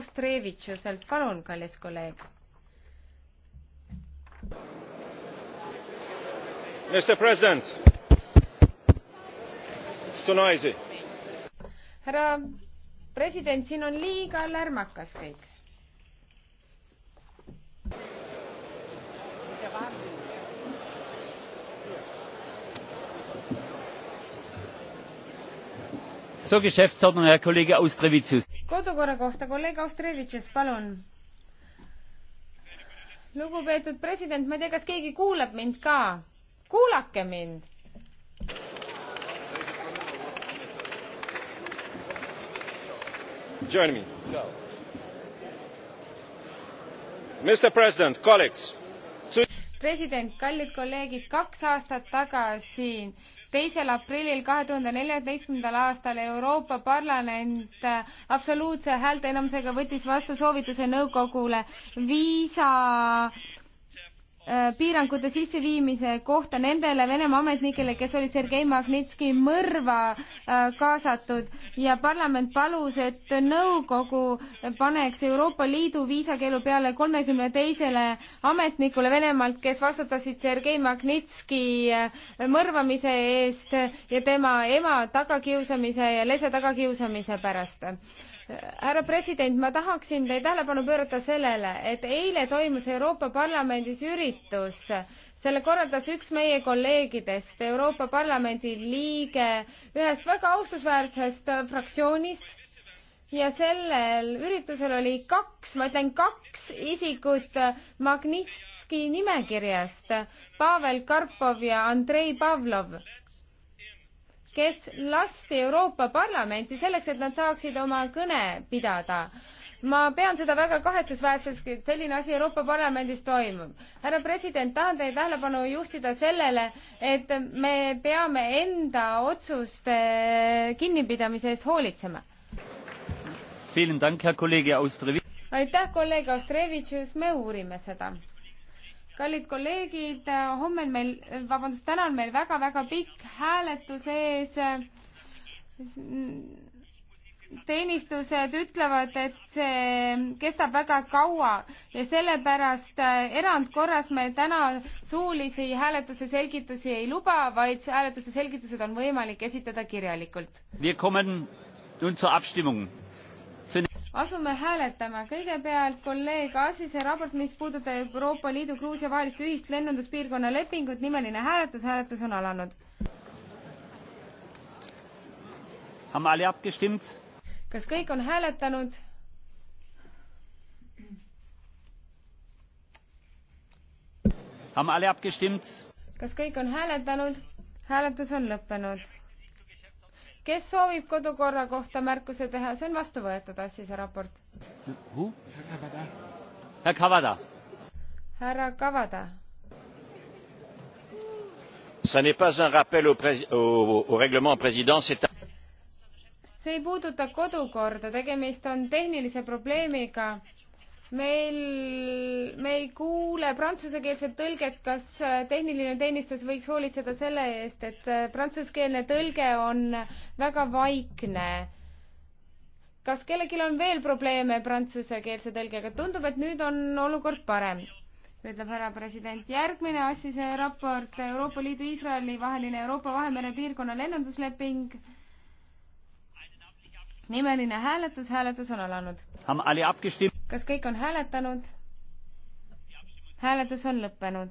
Austrevitšuselt, palun, kallis kolleeg. Mr President, it's too noisy. härra president, siin on liiga lärmakas kõik zur Geschäftsordnung, Herr Kollege Austrevicius. kodukorra kohta kolleeg Austrevicius, palun. lugupeetud president, ma ei tea, kas keegi kuulab mind ka. kuulake mind. Join me. Mr President, colleagues president kallid kolleegid kaks aastat tagasi teisel aprillil kahe tuhande neljateistkümnendal aastal Euroopa Parlament äh, absoluutse häälteenamusega võttis vastu soovituse nõukogule viisa Äh, piirangute sisseviimise kohta nendele Venemaa ametnikele, kes olid Sergei Magnitski mõrva äh, kaasatud ja parlament palus, et nõukogu paneks Euroopa Liidu viisakeelu peale kolmekümne teisele ametnikule Venemaalt, kes vastutasid Sergei Magnitski äh, mõrvamise eest ja tema ema tagakiusamise ja lese tagakiusamise pärast härra president, ma tahaksin teie tähelepanu pöörata sellele, et eile toimus Euroopa Parlamendis üritus, selle korraldas üks meie kolleegidest, Euroopa Parlamendi liige ühest väga austusväärsest fraktsioonist ja sellel üritusel oli kaks, ma ütlen kaks isikut Magnitski nimekirjast, Pavel Karpov ja Andrei Pavlov kes lasti Euroopa Parlamenti selleks, et nad saaksid oma kõne pidada ma pean seda väga kahetsusväärseks, et selline asi Euroopa Parlamendis toimub. härra president, tahan teie tähelepanu juhtida sellele, et me peame enda otsuste kinnipidamise eest hoolitsema. aitäh, kolleeg Austrevitšus, me uurime seda kallid kolleegid, homme on meil, vabandust, täna on meil väga-väga pikk hääletus ees. teenistused ütlevad, et see kestab väga kaua ja sellepärast äh, erandkorras me täna suulisi hääletuse selgitusi ei luba, vaid hääletuse selgitused on võimalik esitada kirjalikult. Wir kommen nun zur Abstimmung asume hääletama. kõigepealt kolleeg Asise raport, mis puudutab Euroopa Liidu Gruusia vahelist ühist lennunduspiirkonna lepingut, nimeline hääletus, hääletus on alanud. kas kõik on hääletanud? kas kõik on hääletanud? hääletus on lõppenud kes soovib kodukorra kohta märkuse teha, see on vastu võetud, Assise raport. härra Kavada. härra Kavada. see ei puuduta kodukorda, tegemist on tehnilise probleemiga meil, me ei kuule prantsusekeelset tõlget, kas äh, tehniline teenistus võiks hoolitseda selle eest, et äh, prantsuskeelne tõlge on väga vaikne. kas kellelgi on veel probleeme prantsusekeelse tõlgega? tundub, et nüüd on olukord parem, ütleb härra president. järgmine asi, see raport Euroopa Liidu, Iisraeli vaheline Euroopa Vahemere piirkonna lennundusleping nimeline hääletus, hääletus on alanud. kas kõik on hääletanud? hääletus on lõppenud.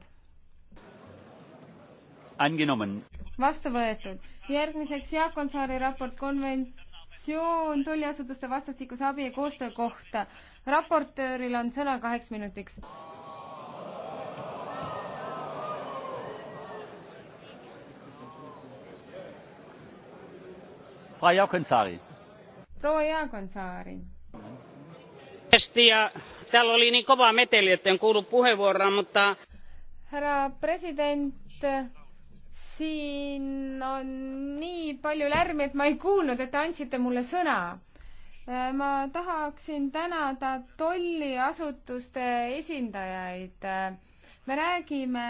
vastu võetud. järgmiseks Jaak Onsaari raport konventsioon tolliasutuste vastastikuse abi ja koostöö kohta. raportööril on sõna kaheks minutiks. Frau Jaukensaari proua Jaagonsaari. hästi ja täällä oli nii kova meteli, et en kuulnud puheenvuoroa, mutta... härra president, siin on nii palju lärmi, et ma ei kuulnud, et te andsite mulle sõna ma tahaksin tänada tolliasutuste esindajaid. me räägime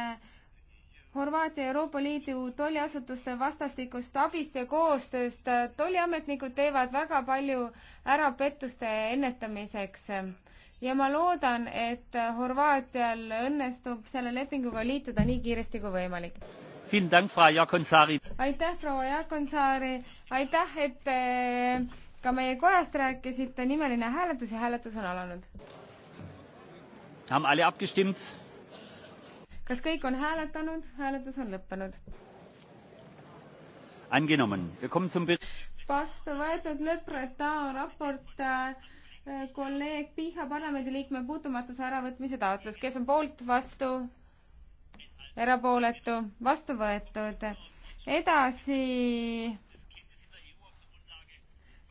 Horvaatia Euroopa Liidu tolliasutuste vastastikust abist ja koostööst. tolliametnikud teevad väga palju ära pettuste ennetamiseks ja ma loodan, et Horvaatial õnnestub selle lepinguga liituda nii kiiresti kui võimalik. aitäh, proua Jaakonsaari, aitäh, et äh, ka meie kojast rääkisite, nimeline hääletus ja hääletus on alanud kas kõik on hääletanud? hääletus on lõppenud. vastu võetud lõppreta raport äh, kolleeg Piha parlamendiliikme puutumatuse äravõtmise taotlus, kes on poolt, vastu, erapooletu, vastu võetud. edasi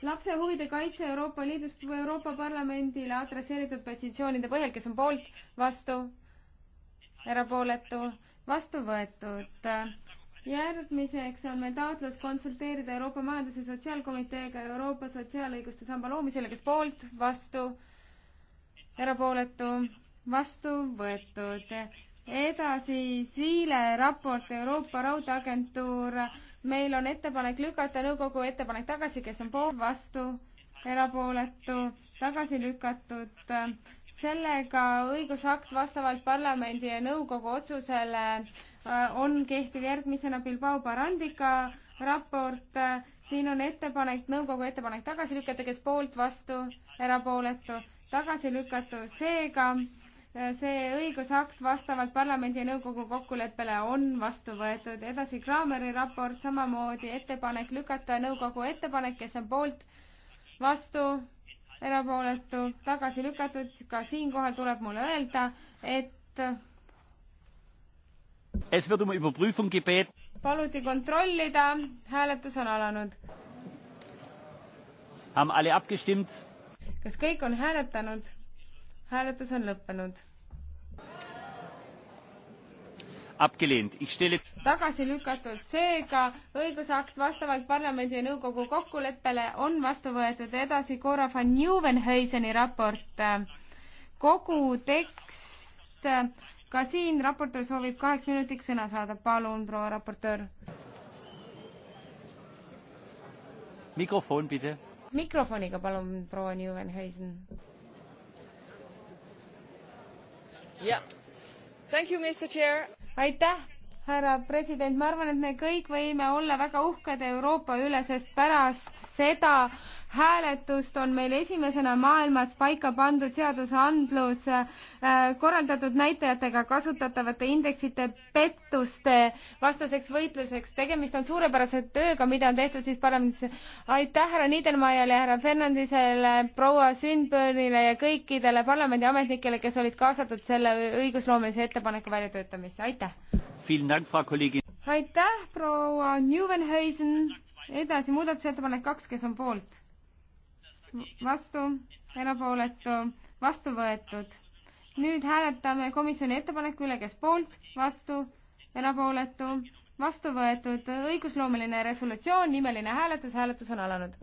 lapse huvide kaitse Euroopa Liidus Euroopa Parlamendile adresseeritud petitsioonide põhjal, kes on poolt, vastu, erapooletu, vastu võetud. järgmiseks on meil taotlus konsulteerida Euroopa Majandus- ja Sotsiaalkomiteega Euroopa Sotsiaalõiguste Samba loomisele, kes poolt, vastu, erapooletu, vastu võetud. edasi Siile raport Euroopa Raudteeagentuur. meil on ettepanek lükata nõukogu ettepanek tagasi, kes on poolt, vastu, erapooletu, tagasi lükatud sellega õigusakt vastavalt parlamendi ja nõukogu otsusele äh, on kehtiv järgmisena Bilbao Barandika raport. siin on ettepanek, nõukogu ettepanek tagasi lükata, kes poolt, vastu, erapooletu, tagasi lükata. seega äh, see õigusakt vastavalt parlamendi ja nõukogu kokkuleppele on vastu võetud. edasi Kraameri raport, samamoodi ettepanek lükata nõukogu ettepanek, kes on poolt, vastu erapooletu, tagasi lükatud, ka siinkohal tuleb mulle öelda, et Es wird um Überprüfung gebeten. paluti kontrollida, hääletus on alanud. Haben alle abgestimmt? kas kõik on hääletanud? hääletus on lõppenud tagasi lükatud, seega õigusakt vastavalt parlamendi ja nõukogu kokkuleppele on vastu võetud, edasi Cora van Nieuwenhuiseni raport. kogu tekst, ka siin raportöör soovib kaheks minutiks sõna saada, palun, proua raportöör. mikrofon, pide. mikrofoniga palun, proua Nieuwenhuisen. jah yeah. You, aitäh, härra president, ma arvan, et me kõik võime olla väga uhked Euroopa üle, sest pärast seda hääletust on meil esimesena maailmas paika pandud seadusandlus äh, korraldatud näitajatega kasutatavate indeksite pettuste vastaseks võitluseks. tegemist on suurepärase tööga, mida on tehtud siis parlamendis. aitäh härra Niedermayele, härra Fernandisele, proua Sünbörnile ja kõikidele parlamendiametnikele, kes olid kaasatud selle õigusloomelise ettepaneku väljatöötamisse. aitäh! aitäh, proua Neuwenhuisen! edasi, muudatusettepanek kaks, kes on poolt? vastu, erapooletu, vastu võetud. nüüd hääletame komisjoni ettepaneku üle, kes poolt, vastu, erapooletu, vastu võetud, õigusloomeline resolutsioon, nimeline hääletus, hääletus on alanud.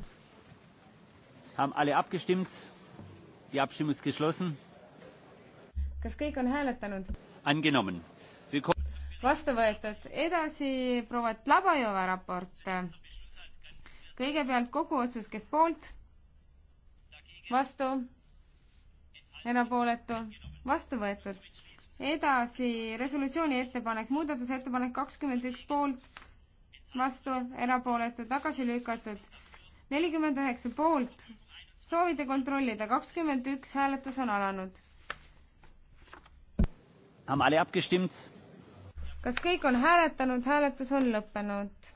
kas kõik on hääletanud? vastu võetud, edasi proua Tlabajova raport kõigepealt kogu otsus, kes poolt, vastu, erapooletu, vastu võetud. edasi resolutsiooni ettepanek, muudatusettepanek kakskümmend üks poolt, vastu, erapooletu, tagasi lükatud. nelikümmend üheksa poolt, soovite kontrollida, kakskümmend üks hääletus on alanud. kas kõik on hääletanud, hääletus on lõppenud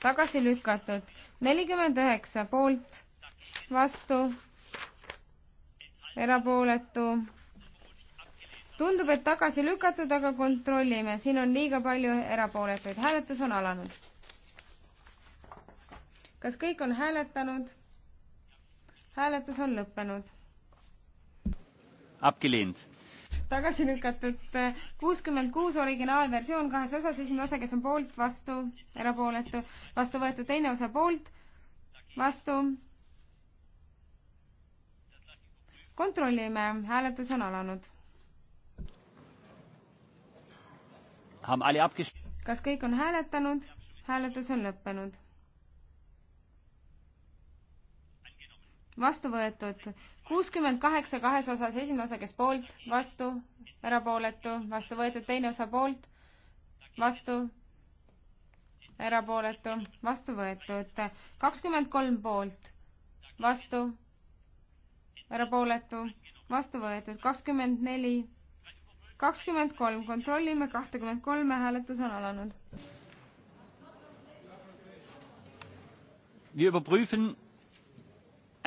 tagasi lükatud. nelikümmend üheksa poolt, vastu, erapooletu. tundub, et tagasi lükatud, aga kontrollime, siin on liiga palju erapooletuid. hääletus on alanud. kas kõik on hääletanud? hääletus on lõppenud. Abgelehnt tagasi lükatud. kuuskümmend kuus originaalversioon kahes osas, esimene osa, kes on poolt, vastu, erapooletu, vastu võetud, teine osa poolt, vastu. kontrollime, hääletus on alanud. kas kõik on hääletanud? hääletus on lõppenud. vastu võetud kuuskümmend kaheksa kahes osas, esimene osa, kes poolt, vastu, erapooletu, vastu võetud, teine osa poolt, vastu, erapooletu, vastu võetud, kakskümmend kolm poolt, vastu, erapooletu, vastu võetud, kakskümmend neli, kakskümmend kolm, kontrollime, kahtekümmend kolme, hääletus on alanud. Wir überprüfen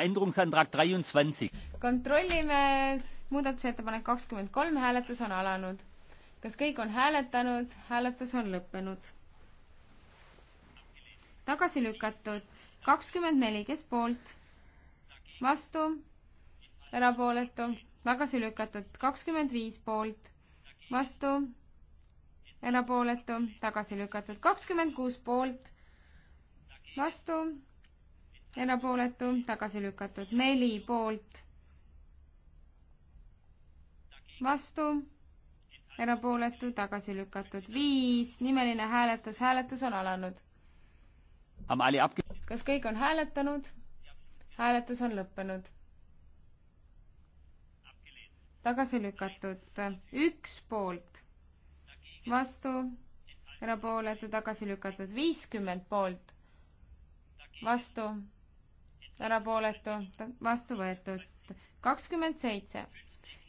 Änderungsantrag 23. kontrollime muudatusettepanek kakskümmend kolm, hääletus on alanud. kas kõik on hääletanud? hääletus on lõppenud. tagasi lükatud kakskümmend neli, kes poolt? vastu? erapooletu? tagasi lükatud kakskümmend viis poolt? vastu? erapooletu? tagasi lükatud kakskümmend kuus poolt? vastu? erapooletu, tagasi lükatud neli poolt, vastu, erapooletu, tagasi lükatud viis, nimeline hääletus, hääletus on alanud. kas kõik on hääletanud? hääletus on lõppenud. tagasi lükatud üks poolt, vastu, erapooletu, tagasi lükatud viiskümmend poolt, vastu erapooletu, vastu võetud. kakskümmend seitse,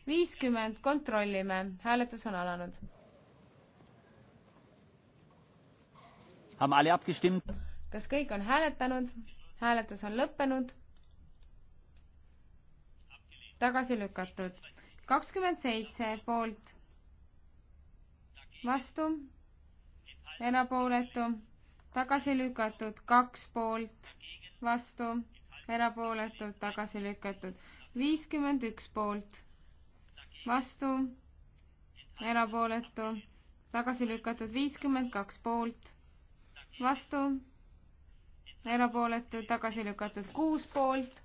viiskümmend, kontrollime, hääletus on alanud. kas kõik on hääletanud? hääletus on lõppenud. tagasi lükatud. kakskümmend seitse poolt, vastu, erapooletu, tagasi lükatud, kaks poolt, vastu erapooletult tagasi lükatud. viiskümmend üks poolt, vastu, erapooletu, tagasi lükatud. viiskümmend kaks poolt, vastu, erapooletu, tagasi lükatud. kuus poolt,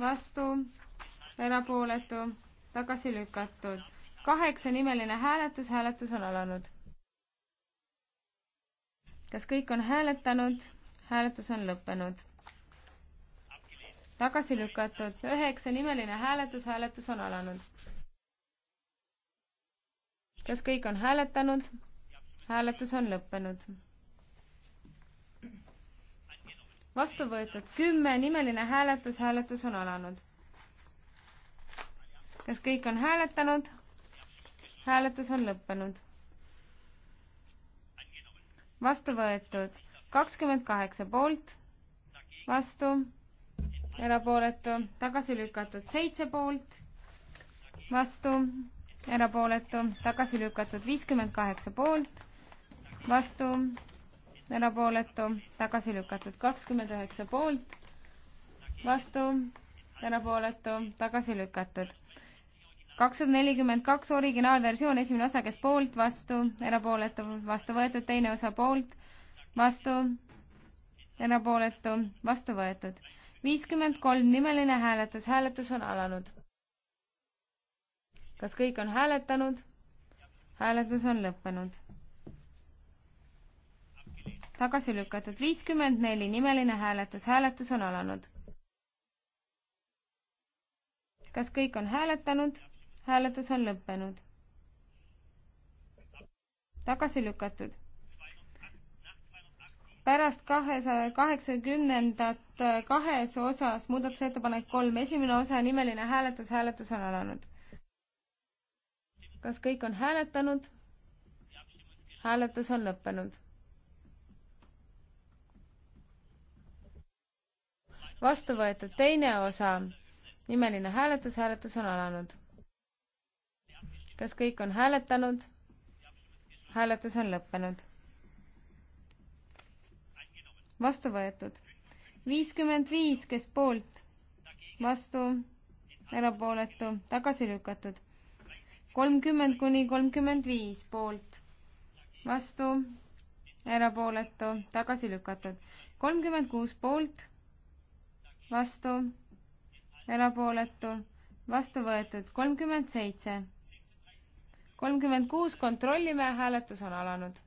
vastu, erapooletu, tagasi lükatud. kaheksanimeline hääletus, hääletus on alanud kas kõik on hääletanud? hääletus on lõppenud. tagasi lükatud, üheksa nimeline hääletus, hääletus on alanud. kas kõik on hääletanud? hääletus on lõppenud. vastu võetud kümme, nimeline hääletus, hääletus on alanud. kas kõik on hääletanud? hääletus on lõppenud. vastu võetud kakskümmend kaheksa poolt, vastu, erapooletu, tagasi lükatud seitse poolt, vastu, erapooletu, tagasi lükatud viiskümmend kaheksa poolt, vastu, erapooletu, tagasi lükatud kakskümmend üheksa poolt, vastu, erapooletu, tagasi lükatud kakssada nelikümmend kaks originaalversioon, esimene osa, kes poolt, vastu, erapooletu, vastu võetud, teine osa poolt vastu, erapooletu, vastu võetud. viiskümmend kolm nimeline hääletus, hääletus on alanud. kas kõik on hääletanud? hääletus on lõppenud. tagasi lükatud viiskümmend neli nimeline hääletus, hääletus on alanud. kas kõik on hääletanud? hääletus on lõppenud. tagasi lükatud pärast kahesaja äh, kaheksakümnendat äh, kahes osas muudatusettepanek kolm, esimene osa, nimeline hääletus, hääletus on alanud. kas kõik on hääletanud? hääletus on lõppenud. vastu võetud teine osa, nimeline hääletus, hääletus on alanud. kas kõik on hääletanud? hääletus on lõppenud vastu võetud. viiskümmend viis, kes poolt, vastu, erapooletu, tagasi lükatud. kolmkümmend kuni kolmkümmend viis poolt, vastu, erapooletu, tagasi lükatud. kolmkümmend kuus poolt, vastu, erapooletu, vastu võetud. kolmkümmend seitse kolmkümmend kuus, kontrollime, hääletus on alanud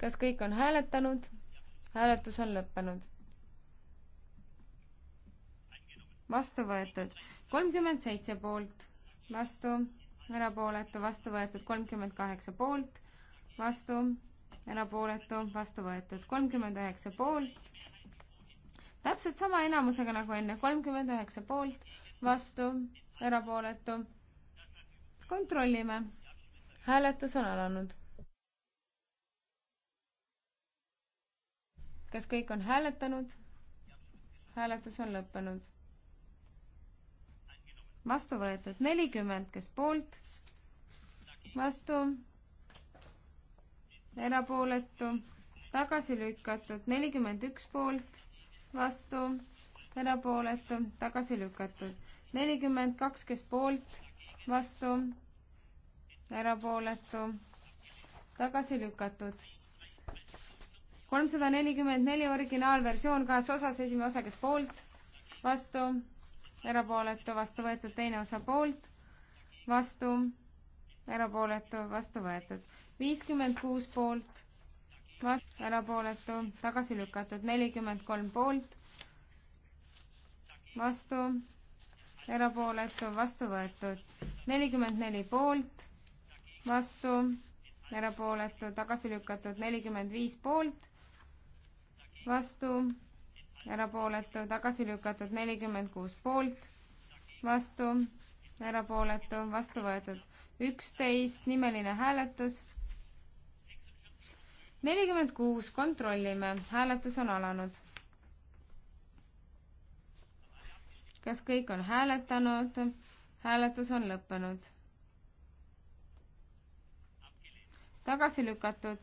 kas kõik on hääletanud? hääletus on lõppenud. vastu võetud kolmkümmend seitse poolt, vastu, erapooletu, vastu võetud kolmkümmend kaheksa poolt, vastu, erapooletu, vastu võetud kolmkümmend üheksa poolt. täpselt sama enamusega nagu enne, kolmkümmend üheksa poolt, vastu, erapooletu. kontrollime. hääletus on alanud. kas kõik on hääletanud? hääletus on lõppenud. vastu võetud nelikümmend, kes poolt? vastu? erapooletu? tagasi lükatud nelikümmend üks poolt? vastu? erapooletu? tagasi lükatud nelikümmend kaks, kes poolt? vastu? erapooletu? tagasi lükatud kolmsada nelikümmend neli originaalversioon kahes osas, esimene osa, kes poolt, vastu, erapooletu, vastu võetud, teine osa poolt, vastu, erapooletu, vastu võetud. viiskümmend kuus poolt, vastu, erapooletu, tagasi lükatud, nelikümmend kolm poolt, vastu, erapooletu, vastu võetud, nelikümmend neli poolt, vastu, erapooletu, tagasi lükatud, nelikümmend viis poolt, vastu, erapooletu, tagasi lükatud nelikümmend kuus poolt, vastu, erapooletu, vastu võetud üksteist, nimeline hääletus. nelikümmend kuus, kontrollime, hääletus on alanud. kas kõik on hääletanud? hääletus on lõppenud. tagasi lükatud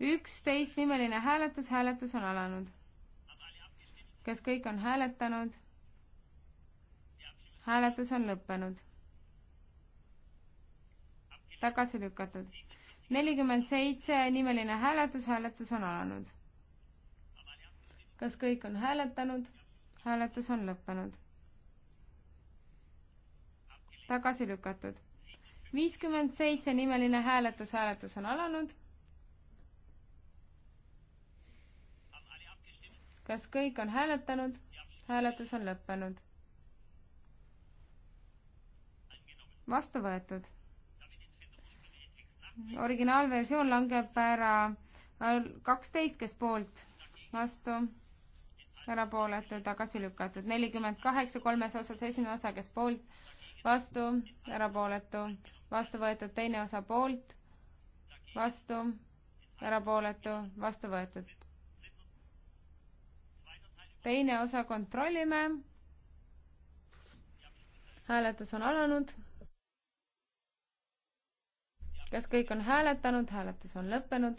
üksteist nimeline hääletus, hääletus on alanud. kas kõik on hääletanud? hääletus on lõppenud. tagasi lükatud. nelikümmend seitse nimeline hääletus, hääletus on alanud. kas kõik on hääletanud? hääletus on lõppenud. tagasi lükatud. viiskümmend seitse nimeline hääletus, hääletus on alanud kas kõik on hääletanud? hääletus on lõppenud. vastu võetud. originaalversioon langeb ära kaksteist, kes poolt, vastu, erapooletu, tagasi lükatud, nelikümmend kaheksa kolmes osas, esimene osa, kes poolt, vastu, erapooletu, vastu võetud, teine osa poolt, vastu, erapooletu, vastu võetud, teine osa kontrollime. hääletus on alanud. kas kõik on hääletanud, hääletus on lõppenud?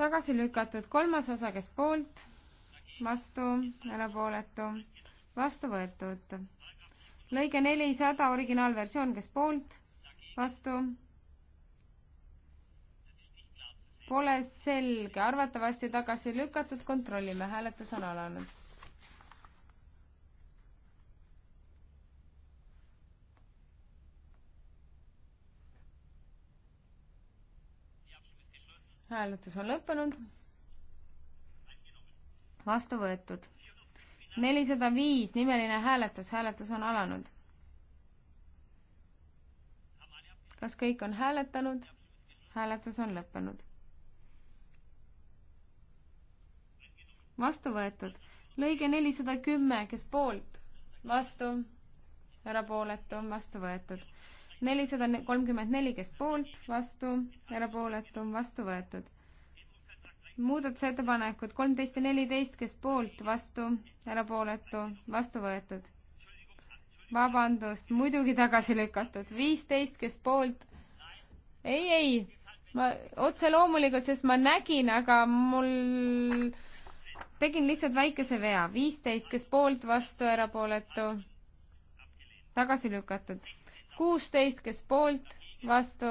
tagasi lükatud kolmas osa, kes poolt, vastu, erapooletu, vastu võetud. lõige nelisada originaalversioon, kes poolt, vastu pole selge, arvatavasti tagasi lükatud, kontrollime, hääletus on alanud. hääletus on lõppenud. vastu võetud. nelisada viis nimeline hääletus, hääletus on alanud. kas kõik on hääletanud? hääletus on lõppenud. vastu võetud. lõige nelisada kümme, kes poolt, vastu, erapooletu, vastu võetud. nelisada kolmkümmend neli, kes poolt, vastu, erapooletu, vastu võetud. muudatusettepanekud kolmteist ja neliteist, kes poolt, vastu, erapooletu, vastu võetud. vabandust, muidugi tagasi lükatud. viisteist, kes poolt, ei, ei, ma otse loomulikult, sest ma nägin, aga mul tegin lihtsalt väikese vea, viisteist, kes poolt, vastu, erapooletu, tagasi lükatud. kuusteist, kes poolt, vastu,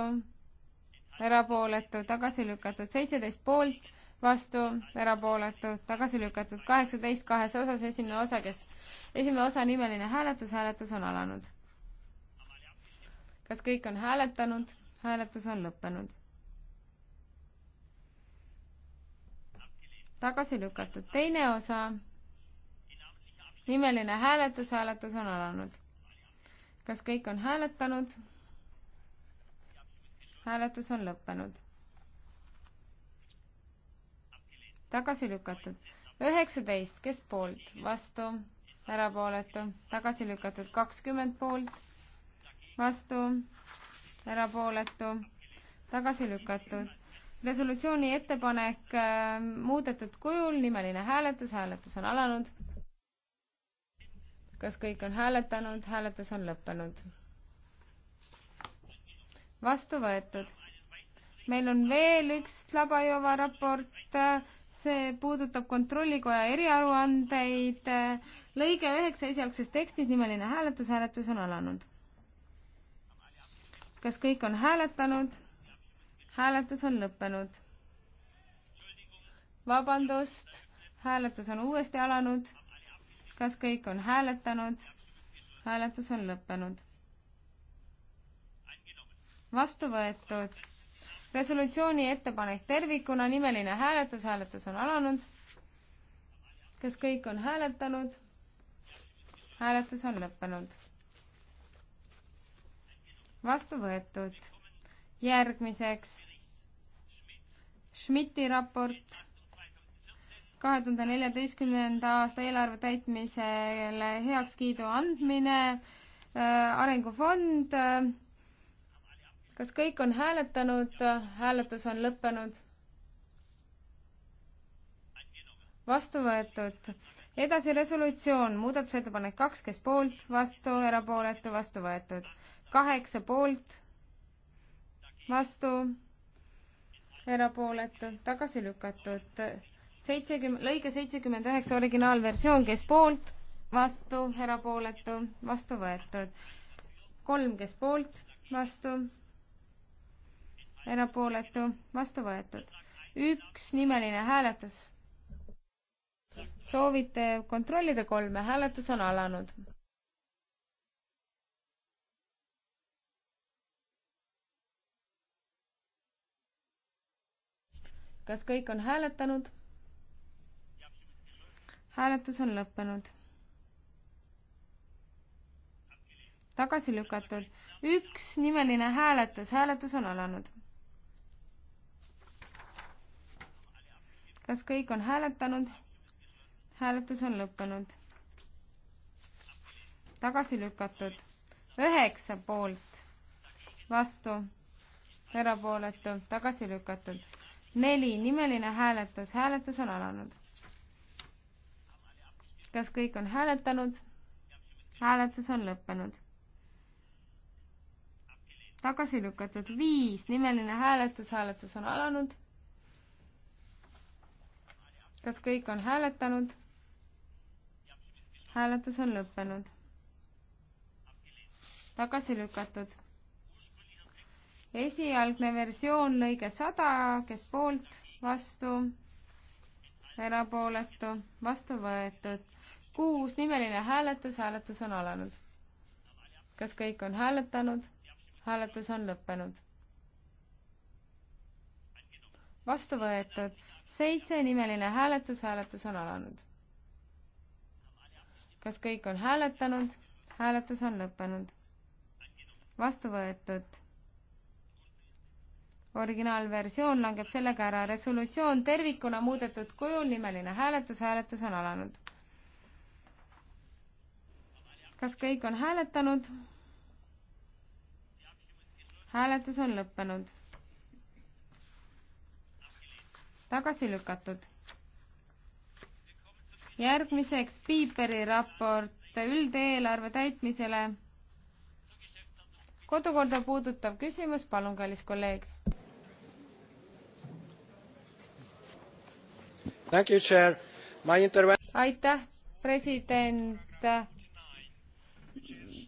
erapooletu, tagasi lükatud, seitseteist poolt, vastu, erapooletu, tagasi lükatud, kaheksateist kahes osas, esimene osa, kes, esimene osa nimeline hääletus, hääletus on alanud. kas kõik on hääletanud? hääletus on lõppenud. tagasi lükatud. teine osa, nimeline hääletus, hääletus on alanud. kas kõik on hääletanud? hääletus on lõppenud. tagasi lükatud. üheksateist, kes poolt, vastu, erapooletu, tagasi lükatud, kakskümmend poolt, vastu, erapooletu, tagasi lükatud, resolutsiooni ettepanek äh, muudetud kujul, nimeline hääletus, hääletus on alanud. kas kõik on hääletanud, hääletus on lõppenud? vastu võetud. meil on veel üks Labajova raport, see puudutab Kontrollikoja eriaruandeid. lõige üheksa esialgses tekstis, nimeline hääletus, hääletus on alanud. kas kõik on hääletanud? hääletus on lõppenud. vabandust, hääletus on uuesti alanud. kas kõik on hääletanud? hääletus on lõppenud. vastu võetud. resolutsiooni ettepanek tervikuna, nimeline hääletus, hääletus on alanud. kas kõik on hääletanud? hääletus on lõppenud. vastu võetud. järgmiseks Schmidti raport kahe tuhande neljateistkümnenda aasta eelarve täitmisele heakskiidu andmine, äh, arengufond. kas kõik on hääletanud? hääletus on lõppenud. vastu võetud. edasi resolutsioon, muudatusettepanek kaks, kes poolt, vastu, erapooletu, vastu võetud. kaheksa poolt, vastu erapooletud, tagasi lükatud. seitsekümmend, lõige seitsekümmend üheksa originaalversioon, kes poolt, vastu, erapooletu, vastu võetud. kolm, kes poolt, vastu, erapooletu, vastu võetud. üks nimeline hääletus. soovite kontrollida kolme, hääletus on alanud. kas kõik on hääletanud? hääletus on lõppenud. tagasi lükatud. üks nimeline hääletus, hääletus on alanud. kas kõik on hääletanud? hääletus on lõppenud. tagasi lükatud. üheksa poolt, vastu, erapooletu, tagasi lükatud neli, nimeline hääletus, hääletus on alanud. kas kõik on hääletanud? hääletus on lõppenud. tagasi lükatud viis, nimeline hääletus, hääletus on alanud. kas kõik on hääletanud? hääletus on lõppenud. tagasi lükatud esialgne versioon, lõige sada, kes poolt, vastu, erapooletu, vastu võetud. kuus, nimeline hääletus, hääletus on alanud. kas kõik on hääletanud? hääletus on lõppenud. vastu võetud. seitse, nimeline hääletus, hääletus on alanud. kas kõik on hääletanud? hääletus on lõppenud. vastu võetud originaalversioon langeb sellega ära. resolutsioon tervikuna muudetud kujul, nimeline hääletus, hääletus on alanud. kas kõik on hääletanud? hääletus on lõppenud. tagasi lükatud. järgmiseks Piiperi raport üldeelarve täitmisele. kodukorda puudutav küsimus, palun, kallis kolleeg aitäh, president.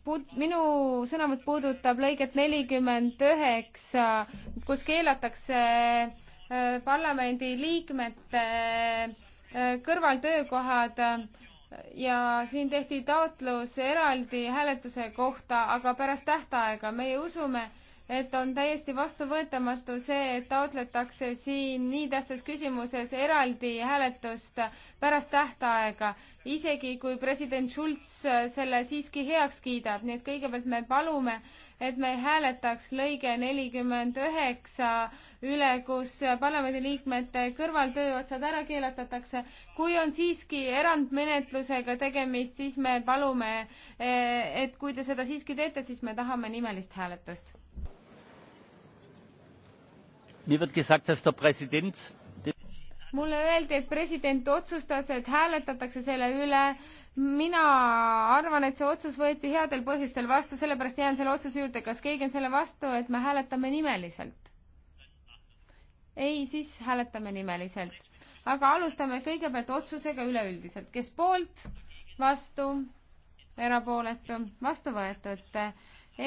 Put-, minu sõnavõtt puudutab lõiget nelikümmend üheksa, kus keelatakse äh, parlamendi liikmete äh, kõrvaltöökohad ja siin tehti taotlus eraldi hääletuse kohta, aga pärast tähtaega. meie usume, et on täiesti vastuvõetamatu see, et taotletakse siin nii tähtsas küsimuses eraldi hääletust pärast tähtaega, isegi kui president Schulz selle siiski heaks kiidab, nii et kõigepealt me palume, et me hääletaks lõige nelikümmend üheksa üle, kus parlamendiliikmete kõrvaltööotsad ära keelatatakse. kui on siiski erandmenetlusega tegemist, siis me palume, eh, et kui te seda siiski teete, siis me tahame nimelist hääletust mir wird gesagt dass der präsident mulle öeldi, et president otsustas, et hääletatakse selle üle. mina arvan, et see otsus võeti headel põhjustel vastu, sellepärast jään selle otsuse juurde. kas keegi on selle vastu, et me hääletame nimeliselt? ei, siis hääletame nimeliselt. aga alustame kõigepealt otsusega üleüldiselt. kes poolt, vastu, erapooletu, vastu võetud.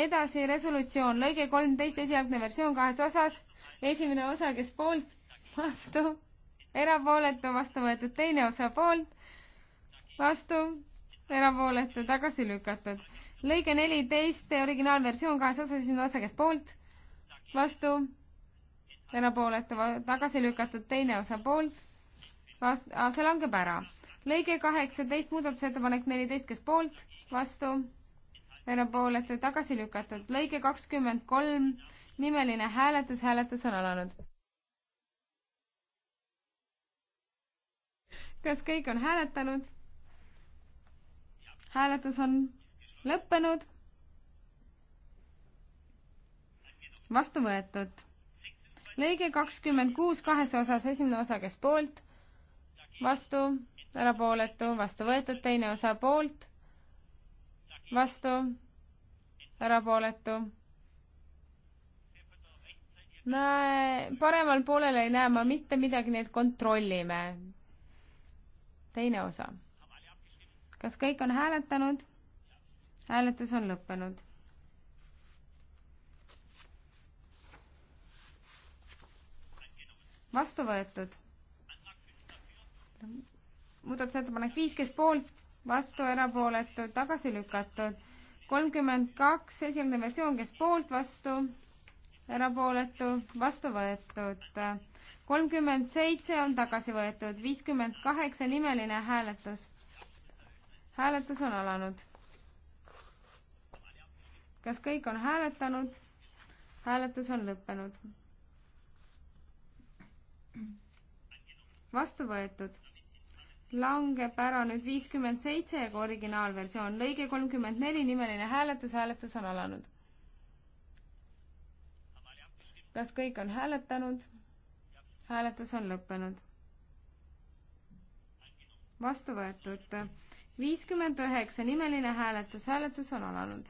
edasi resolutsioon, lõige kolmteist, esialgne versioon kahes osas esimene osa, kes poolt, vastu, erapooletu, vastu võetud, teine osa poolt, vastu, erapooletu, tagasi lükatud. lõige neliteist, originaalversioon kahes osas, esimene osa, kes poolt, vastu, erapooletu, tagasi lükatud, teine osa poolt, vast-, see langeb ära. lõige kaheksateist, muudatusettepanek neliteist, kes poolt, vastu, erapooletu, tagasi lükatud, lõige kakskümmend kolm nimeline hääletus, hääletus on alanud. kas kõik on hääletanud? hääletus on lõppenud. vastu võetud. lõige kakskümmend kuus kahes osas, esimene osa, kes poolt, vastu, erapooletu, vastu võetud, teine osa poolt, vastu, erapooletu näe, paremal poolel ei näe ma mitte midagi, nii et kontrollime. teine osa. kas kõik on hääletanud? hääletus on lõppenud. vastu võetud. muudatusettepanek viis, kes poolt, vastu, erapooletud, tagasi lükatud. kolmkümmend kaks, esimene versioon, kes poolt, vastu erapooletu, vastu võetud. kolmkümmend seitse on tagasi võetud, viiskümmend kaheksa nimeline hääletus. hääletus on alanud. kas kõik on hääletanud? hääletus on lõppenud. vastu võetud. langeb ära nüüd viiskümmend seitse ja ka originaalversioon. lõige kolmkümmend neli nimeline hääletus, hääletus on alanud kas kõik on hääletanud? hääletus on lõppenud. vastu võetud. viiskümmend üheksa nimeline hääletus, hääletus on alanud.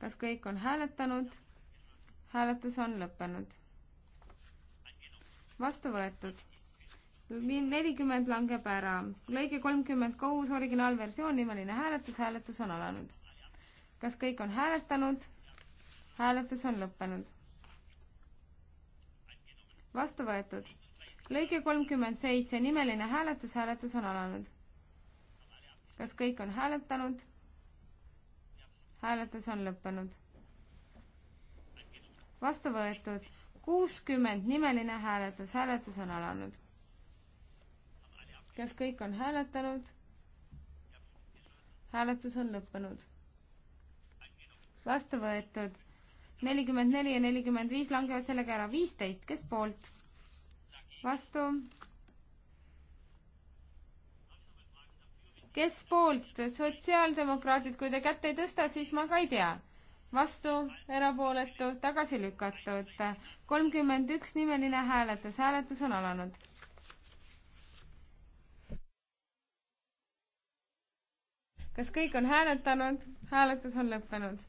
kas kõik on hääletanud? hääletus on lõppenud. vastu võetud. nelikümmend langeb ära. lõige kolmkümmend kuus, originaalversioon, nimeline hääletus, hääletus on alanud. kas kõik on hääletanud? hääletus on lõppenud. vastu võetud. lõige kolmkümmend seitse, nimeline hääletus, hääletus on alanud. kas kõik on hääletanud? hääletus on lõppenud. vastu võetud. kuuskümmend, nimeline hääletus, hääletus on alanud. kas kõik on hääletanud? hääletus on lõppenud. vastu võetud nelikümmend neli ja nelikümmend viis langevad sellega ära, viisteist, kes poolt? vastu? kes poolt, sotsiaaldemokraadid, kui te kätt ei tõsta, siis ma ka ei tea. vastu, erapooletu, tagasi lükatud. kolmkümmend üks nimeline hääletus, hääletus on alanud. kas kõik on hääletanud? hääletus on lõppenud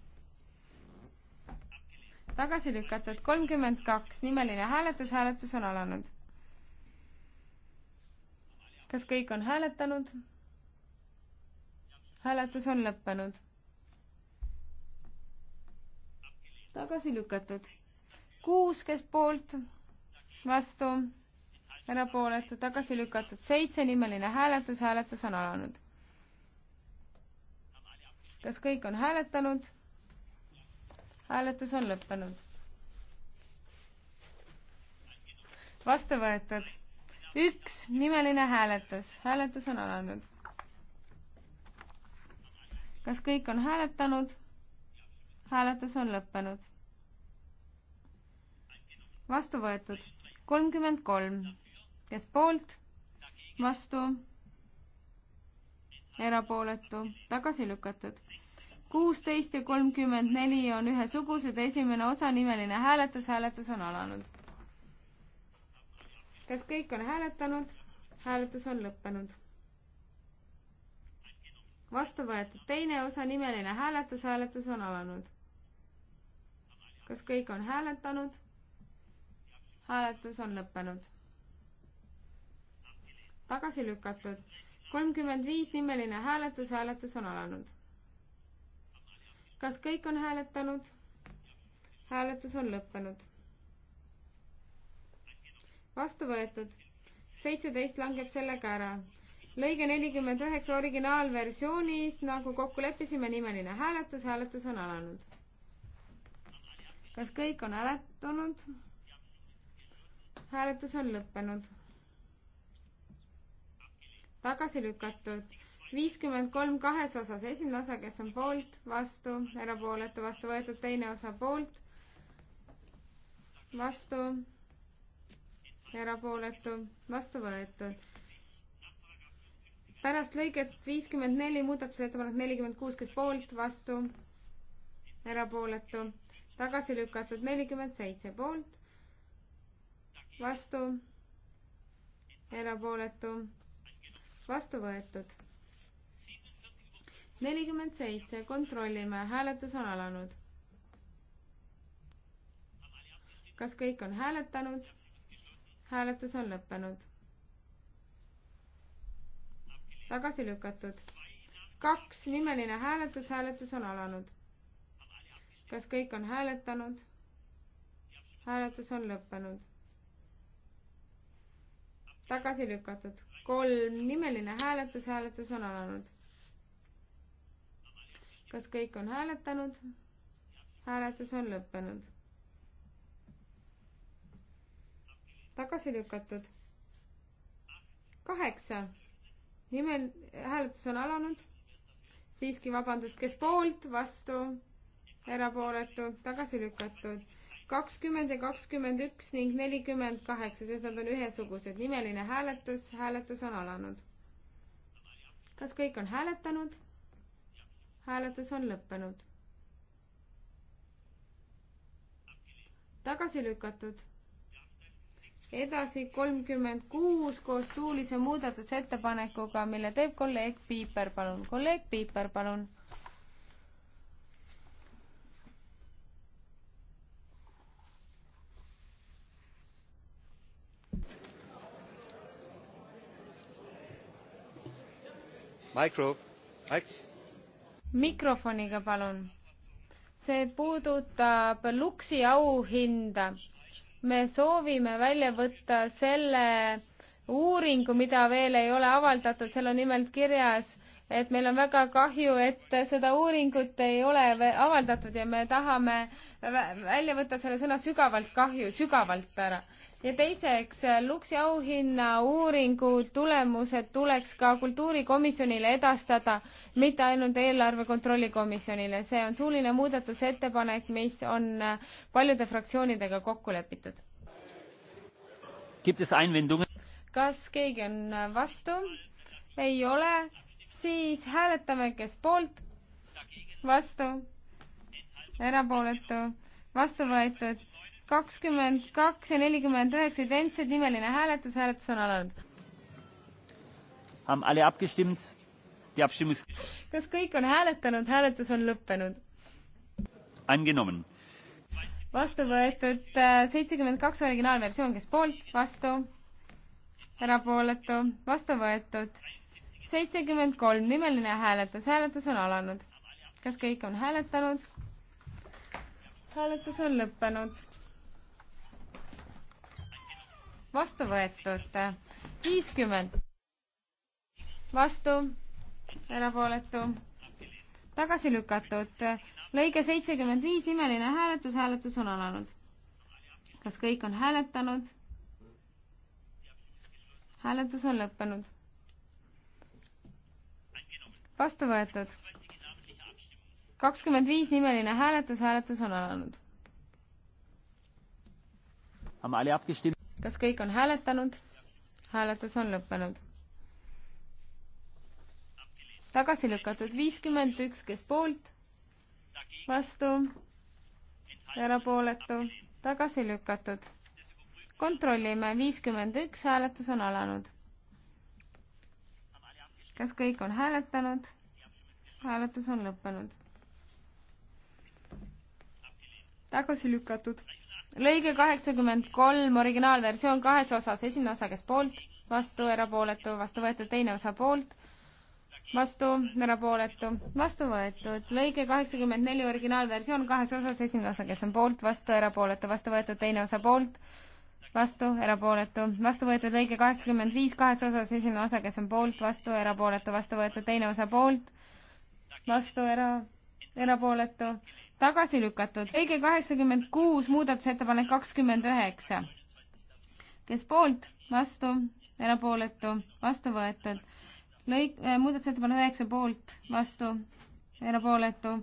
tagasi lükatud, kolmkümmend kaks, nimeline hääletus, hääletus on alanud. kas kõik on hääletanud? hääletus on lõppenud. tagasi lükatud. kuus, kes poolt, vastu, erapooletu, tagasi lükatud. seitsenimeline hääletus, hääletus on alanud. kas kõik on hääletanud? hääletus on lõppenud. vastu võetud. üks nimeline hääletus, hääletus on alanud. kas kõik on hääletanud? hääletus on lõppenud. vastu võetud. kolmkümmend kolm. kes poolt? vastu? erapooletu, tagasi lükatud kuusteist ja kolmkümmend neli on ühesugused, esimene osa, nimeline hääletus, hääletus on alanud. kas kõik on hääletanud? hääletus on lõppenud. vastu võetud teine osa, nimeline hääletus, hääletus on alanud. kas kõik on hääletanud? hääletus on lõppenud. tagasi lükatud. kolmkümmend viis nimeline hääletus, hääletus on alanud kas kõik on hääletanud? hääletus on lõppenud. vastu võetud. seitseteist langeb sellega ära. lõige nelikümmend üheksa originaalversioonis, nagu kokku leppisime, nimeline hääletus, hääletus on alanud. kas kõik on hääletanud? hääletus on lõppenud. tagasi lükatud viiskümmend kolm kahes osas, esimene osa, kes on poolt, vastu, erapooletu, vastu võetud, teine osa poolt, vastu, erapooletu, vastu võetud. pärast lõiget viiskümmend neli muudatusettepanek nelikümmend kuus, kes poolt, vastu, erapooletu, tagasi lükatud nelikümmend seitse poolt, vastu, erapooletu, vastu võetud nelikümmend seitse, kontrollime, hääletus on alanud. kas kõik on hääletanud? hääletus on lõppenud. tagasi lükatud. kaks, nimeline hääletus, hääletus on alanud. kas kõik on hääletanud? hääletus on lõppenud. tagasi lükatud. kolm, nimeline hääletus, hääletus on alanud kas kõik on hääletanud? hääletus on lõppenud. tagasi lükatud. kaheksa. nimel hääletus on alanud. siiski vabandust, kes poolt, vastu, erapooletu, tagasi lükatud. kakskümmend ja kakskümmend üks ning nelikümmend kaheksa, sest nad on ühesugused. nimeline hääletus, hääletus on alanud. kas kõik on hääletanud? hääletus on lõppenud. tagasi lükatud. edasi kolmkümmend kuus koos suulise muudatusettepanekuga, mille teeb kolleeg Piiper, palun. kolleeg Piiper, palun. Micro. Micro mikrofoniga, palun. see puudutab Luksi auhinda. me soovime välja võtta selle uuringu, mida veel ei ole avaldatud, seal on nimelt kirjas, et meil on väga kahju, et seda uuringut ei ole avaldatud ja me tahame välja võtta selle sõna sügavalt kahju, sügavalt ära ja teiseks, Luksi auhinna uuringu tulemused tuleks ka kultuurikomisjonile edastada, mitte ainult eelarve kontrolli komisjonile. see on suuline muudatusettepanek, mis on paljude fraktsioonidega kokku lepitud. kas keegi on vastu? ei ole, siis hääletame, kes poolt, vastu, erapooletu, vastu võetud kakskümmend kaks ja nelikümmend üheksa identsed, nimeline hääletus, hääletus on alanud. kas kõik on hääletanud, hääletus on lõppenud? vastu võetud äh, seitsekümmend kaks originaalversioon, kes poolt, vastu, erapooletu, vastu võetud seitsekümmend kolm, nimeline hääletus, hääletus on alanud. kas kõik on hääletanud? hääletus on lõppenud vastu võetud viiskümmend, vastu, erapooletu, tagasi lükatud. lõige seitsekümmend viis, nimeline hääletus, hääletus on alanud. kas kõik on hääletanud? hääletus on lõppenud. vastu võetud. kakskümmend viis nimeline hääletus, hääletus on alanud kas kõik on hääletanud? hääletus on lõppenud. tagasi lükatud viiskümmend üks, kes poolt, vastu, erapooletu, tagasi lükatud. kontrollime, viiskümmend üks, hääletus on alanud. kas kõik on hääletanud? hääletus on lõppenud. tagasi lükatud lõige kaheksakümmend kolm, originaalversioon kahes osas, esimene osa, kes poolt, vastu, erapooletu, vastu võetud, teine osa poolt, vastu, erapooletu, vastu võetud. lõige kaheksakümmend neli, originaalversioon kahes osas, esimene osa, kes on poolt, vastu, erapooletu, vastu võetud, teine osa poolt, vastu, erapooletu, vastu võetud. lõige kaheksakümmend viis, kahes osas, esimene osa, kes on poolt, vastu, erapooletu, vastu võetud, teine osa poolt, vastu, era, erapooletu tagasi lükatud. lõige kaheksakümmend kuus, muudatusettepanek kakskümmend üheksa. kes poolt, vastu, erapooletu, vastu võetud. lõik äh,, muudatusettepanek üheksa poolt, vastu, erapooletu,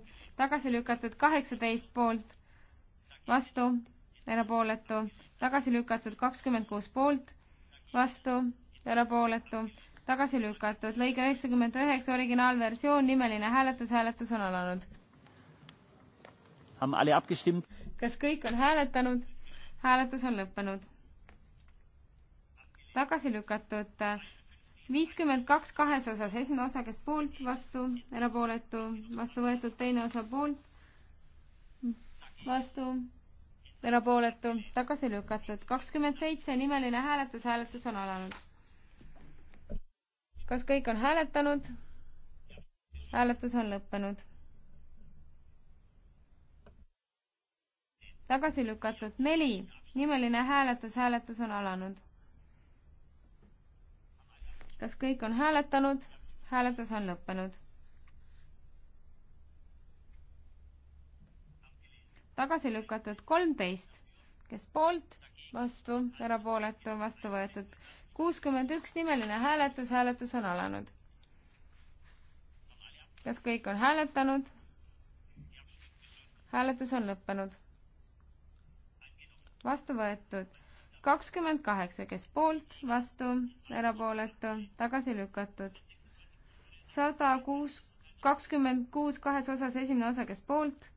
tagasi lükatud kaheksateist poolt, vastu, erapooletu, tagasi lükatud kakskümmend kuus poolt, vastu, erapooletu, tagasi lükatud. lõige üheksakümmend üheksa, originaalversioon, nimeline hääletus, hääletus on alanud kas kõik on hääletanud? hääletus on lõppenud. tagasi lükatud viiskümmend kaks kahes osas, esimene osa, kes poolt, vastu, erapooletu, vastu võetud, teine osa poolt, vastu, erapooletu, tagasi lükatud. kakskümmend seitse, nimeline hääletus, hääletus on alanud. kas kõik on hääletanud? hääletus on lõppenud tagasi lükatud. neli, nimeline hääletus, hääletus on alanud. kas kõik on hääletanud? hääletus on lõppenud. tagasi lükatud kolmteist, kes poolt, vastu, erapooletu, vastu võetud. kuuskümmend üks nimeline hääletus, hääletus on alanud. kas kõik on hääletanud? hääletus on lõppenud vastu võetud. kakskümmend kaheksa, kes poolt, vastu, erapooletu, tagasi lükatud. sada kuus, kakskümmend kuus kahes osas, esimene osa, kes poolt.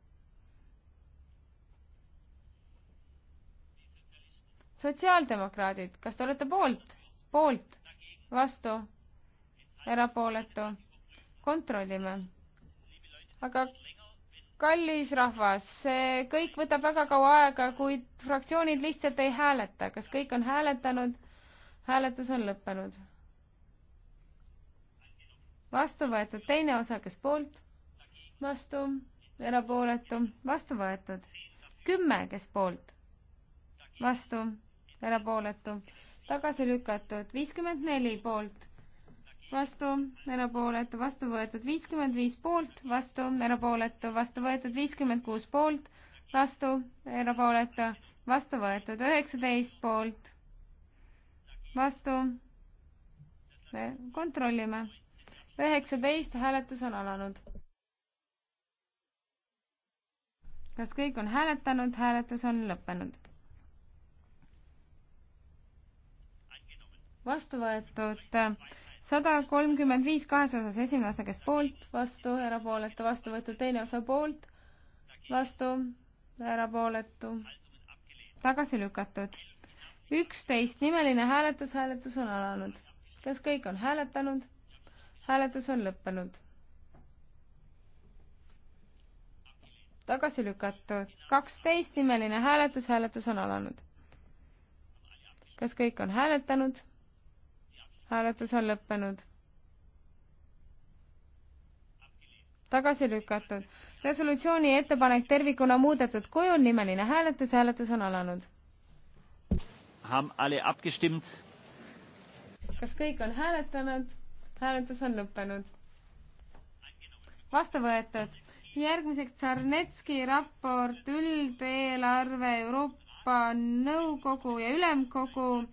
sotsiaaldemokraadid, kas te olete poolt? poolt, vastu, erapooletu, kontrollime. aga kallis rahvas, see kõik võtab väga kaua aega, kuid fraktsioonid lihtsalt ei hääleta. kas kõik on hääletanud? hääletus on lõppenud. vastu võetud teine osa, kes poolt? vastu, erapooletu, vastu võetud. kümme, kes poolt? vastu, erapooletu, tagasi lükatud, viiskümmend neli poolt vastu, erapooletu, vastu võetud viiskümmend viis poolt, vastu, erapooletu, vastu võetud viiskümmend kuus poolt, vastu, erapooletu, vastu võetud üheksateist poolt, vastu, kontrollime, üheksateist, hääletus on alanud. kas kõik on hääletanud, hääletus on lõppenud. vastu võetud sada kolmkümmend viis kahes osas, esimene osa, kes poolt, vastu, erapooletu, vastu võetud, teine osa poolt, vastu, erapooletu, tagasi lükatud. üksteist, nimeline hääletus, hääletus on alanud. kas kõik on hääletanud? hääletus on lõppenud. tagasi lükatud. kaksteist, nimeline hääletus, hääletus on alanud. kas kõik on hääletanud? hääletus on lõppenud. tagasi lükatud. resolutsiooni ettepanek tervikuna muudetud kujul, nimeline hääletus, hääletus on alanud. kas kõik on hääletanud? hääletus on lõppenud. vastu võetud. järgmiseks Tšarnetski raport üldeelarve Euroopa Nõukogu ja Ülemkogu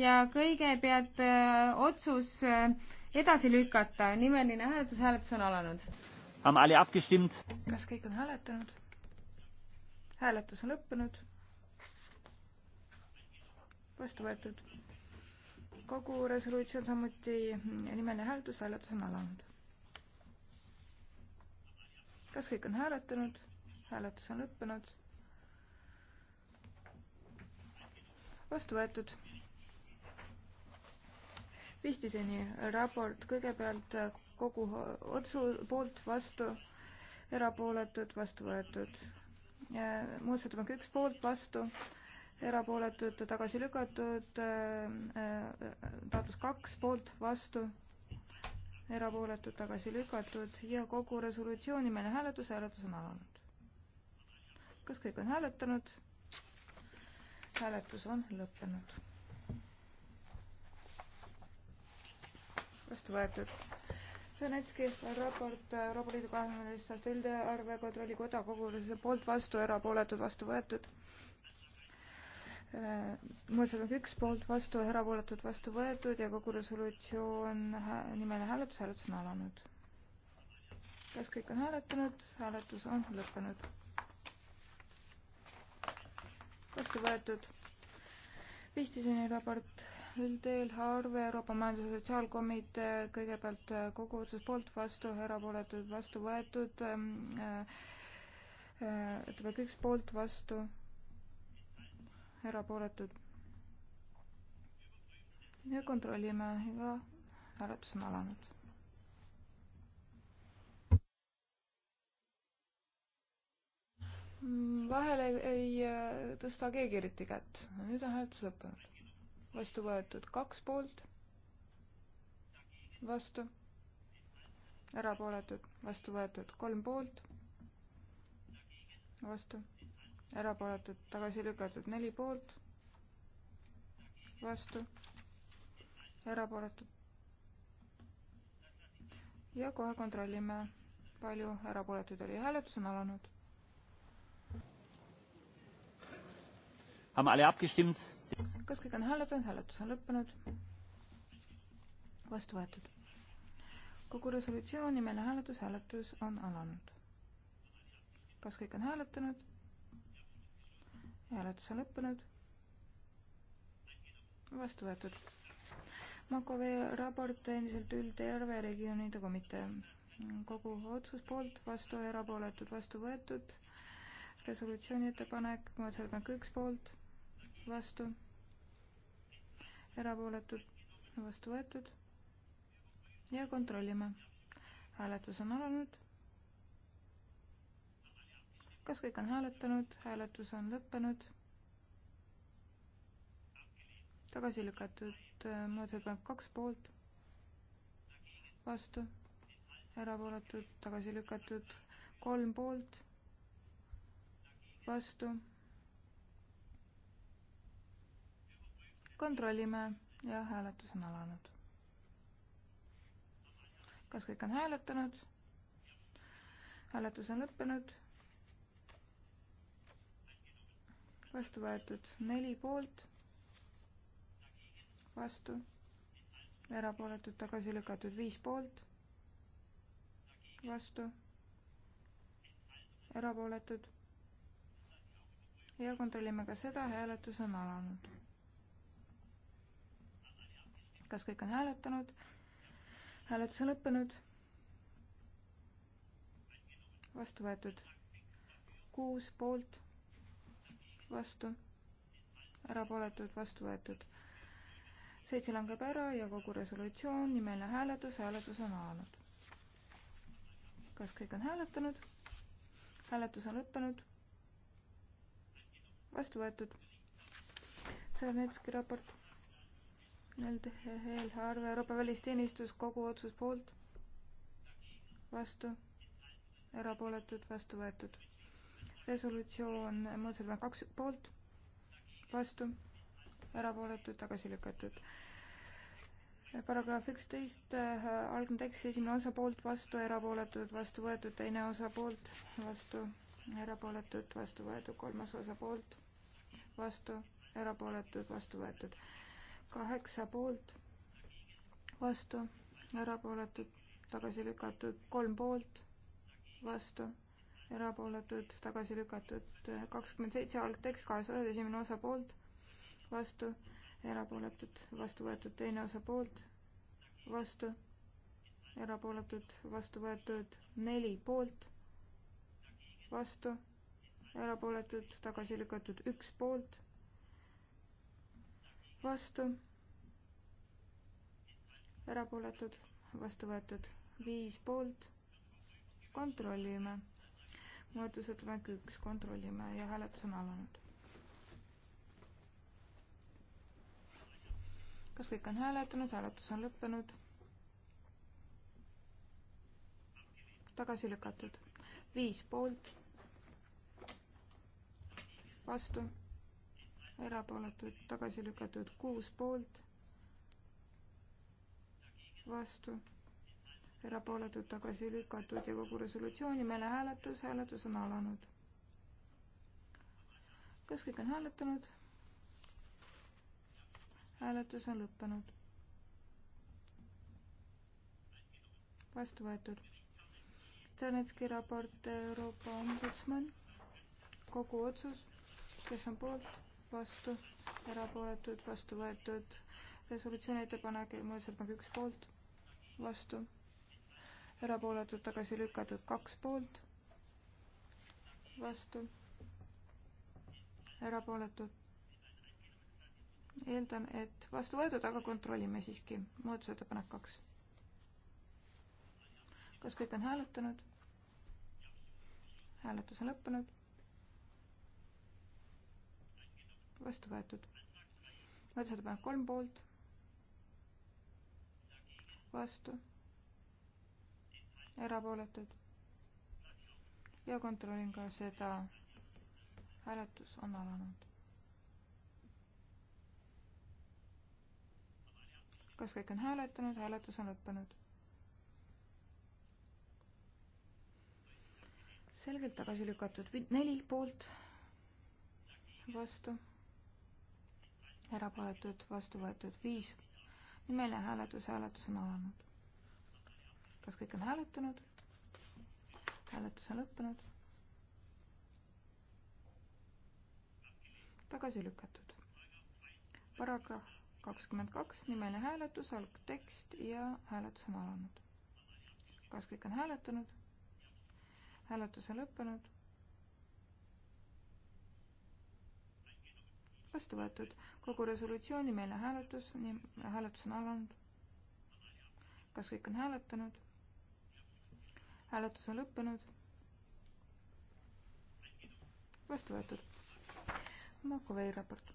ja kõigepealt äh, otsus äh, edasi lükata. Mm, nimeline hääletus, hääletus on alanud. kas kõik on hääletanud? hääletus on lõppenud. vastu võetud. kogu resolutsioon samuti nimeline hääletus, hääletus on alanud. kas kõik on hääletanud? hääletus on lõppenud. vastu võetud Vistiseni raport, kõigepealt kogu otsu poolt vastu, erapooletud, vastu võetud. muudatusettepanek üks poolt vastu, erapooletud, tagasi lükatud, äh, äh, taotlus kaks poolt vastu, erapooletud, tagasi lükatud ja kogu resolutsiooni meile hääletus, hääletus on alanud. kas kõik on hääletanud? hääletus on lõppenud vastu võetud. see on Etski raport Euroopa Liidu kahekümne üheksast aasta üldarve kontrollikoda kogulise poolt vastu, erapooletud vastu võetud. muudatusettepanek üks poolt vastu, erapooletud vastu võetud ja kogu resolutsioon nimeline hääletus, hääletus on alanud. kas kõik on hääletanud? hääletus on lõppenud. vastu võetud. Pihtiseni raport üldeelarve Euroopa Majandus- ja Sotsiaalkomitee kõigepealt äh, kogu otsus poolt vastu, erapooletud vastu võetud, ähm, äh, äh, ettepanek üks poolt vastu, erapooletud. ja kontrollime, ega hääletus on alanud. Mm, vahel ei, ei tõsta keegi eriti kätt, nüüd on hääletus lõppenud vastu võetud kaks poolt, vastu, erapooletud, vastu võetud kolm poolt, vastu, erapooletud, tagasi lükatud neli poolt, vastu, erapooletud. ja kohe kontrollime, palju erapooletuid oli, hääletus on alanud. haben alle abgestimmt? kas kõik on hääletanud, hääletus on lõppenud? vastu võetud. kogu resolutsiooni meile hääletus, hääletus on alanud. kas kõik on hääletanud? hääletus on lõppenud. vastu võetud. Makovee raport endiselt üldterve regioonide komitee. kogu otsus poolt, vastu, erapooletud, vastu võetud. resolutsiooni ettepanek, muudatusettepanek üks poolt, vastu erapooletud, vastu võetud ja kontrollime. hääletus on alanud. kas kõik on hääletanud, hääletus on lõppenud? tagasi lükatud muudatusettepanek kaks poolt, vastu, erapooletud, tagasi lükatud kolm poolt, vastu kontrollime ja hääletus on alanud. kas kõik on hääletanud? hääletus on lõppenud. vastu võetud neli poolt, vastu, erapooletud, tagasi lükatud viis poolt, vastu, erapooletud. ja kontrollime ka seda, hääletus on alanud kas kõik on hääletanud? hääletus on lõppenud. vastu võetud kuus poolt, vastu, erapooletud, vastu võetud. seitse langeb ära ja kogu resolutsioon, nimeline hääletus, hääletus on alanud. kas kõik on hääletanud? hääletus on lõppenud. vastu võetud. Sarnetski raport. LDHL Arve Euroopa Välisteenistus, kogu otsus poolt, vastu, erapooletud, vastu võetud. resolutsioon Mõõtsalumäe kaks poolt, vastu, erapooletud, tagasi lükatud. paragrahv üksteist, äh, algne tekst, esimene osa poolt, vastu, erapooletud, vastu võetud, teine osa poolt, vastu, erapooletud, vastu võetud, kolmas osa poolt, vastu, erapooletud, vastu võetud kaheksa poolt, vastu, erapooletud, tagasi lükatud, kolm poolt, vastu, erapooletud, tagasi lükatud, kakskümmend seitse algtekst, kahes osas, esimene osa poolt, vastu, erapooletud, vastu võetud, teine osa poolt, vastu, erapooletud, vastu võetud, neli poolt, vastu, erapooletud, tagasi lükatud, üks poolt vastu, erapooletud, vastu võetud viis poolt, kontrollime. muudatusettepanek üks, kontrollime ja hääletus on alanud. kas kõik on hääletanud, hääletus on lõppenud? tagasi lükatud, viis poolt, vastu erapooletud, tagasi lükatud kuus poolt, vastu, erapooletud, tagasi lükatud ja kogu resolutsiooni meile hääletus, hääletus on alanud. kas kõik on hääletanud? hääletus on lõppenud. vastu võetud. Tšernetski raport Euroopa ombudsman, kogu otsus, kes on poolt vastu, erapooletud, vastu võetud. resolutsiooni ettepanek muudatusettepanek nagu üks poolt, vastu, erapooletud, tagasi lükatud kaks poolt, vastu, erapooletud. eeldan, et vastu võetud, aga kontrollime siiski. muudatusettepanek kaks. kas kõik on hääletanud? hääletus on lõppenud vastu võetud. muudatusettepanek kolm poolt, vastu, erapooletud ja kontrollin ka seda, hääletus on alanud. kas kõik on hääletanud, hääletus on lõppenud selgelt tagasi lükatud. neli poolt, vastu, erapooletud, vastu võetud viis. nimeline hääletus, hääletus on alanud. kas kõik on hääletanud? hääletus on lõppenud. tagasi lükatud. paragrahv kakskümmend kaks, nimeline hääletus, algtekst ja hääletus on alanud. kas kõik on hääletanud? hääletus on lõppenud vastu võetud. kogu resolutsiooni meile hääletus, nii hääletus on alanud. kas kõik on hääletanud? hääletus on lõppenud. vastu võetud. Makovei raport.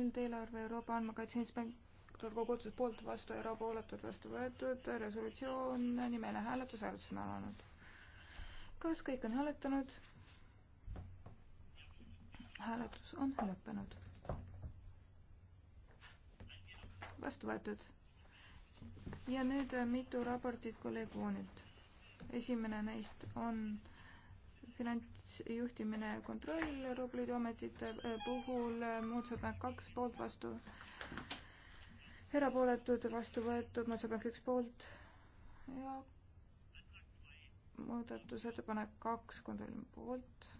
üldeelarve Euroopa andmekaitse inspektor kogu otsus poolt vastu, erapooletud vastu võetud, resolutsioon, nimele hääletus, hääletus on alanud. kas kõik on hääletanud? hääletus on lõppenud. vastu võetud. ja nüüd äh, mitu raportit kolleeg Voonilt. esimene neist on finantsjuhtimine kontroll Euroopa Liidu ametite äh, puhul, äh, muudatusettepanek kaks poolt vastu, erapooletud vastu võetud, muudatusettepanek üks poolt ja muudatusettepanek kaks kontrollime poolt,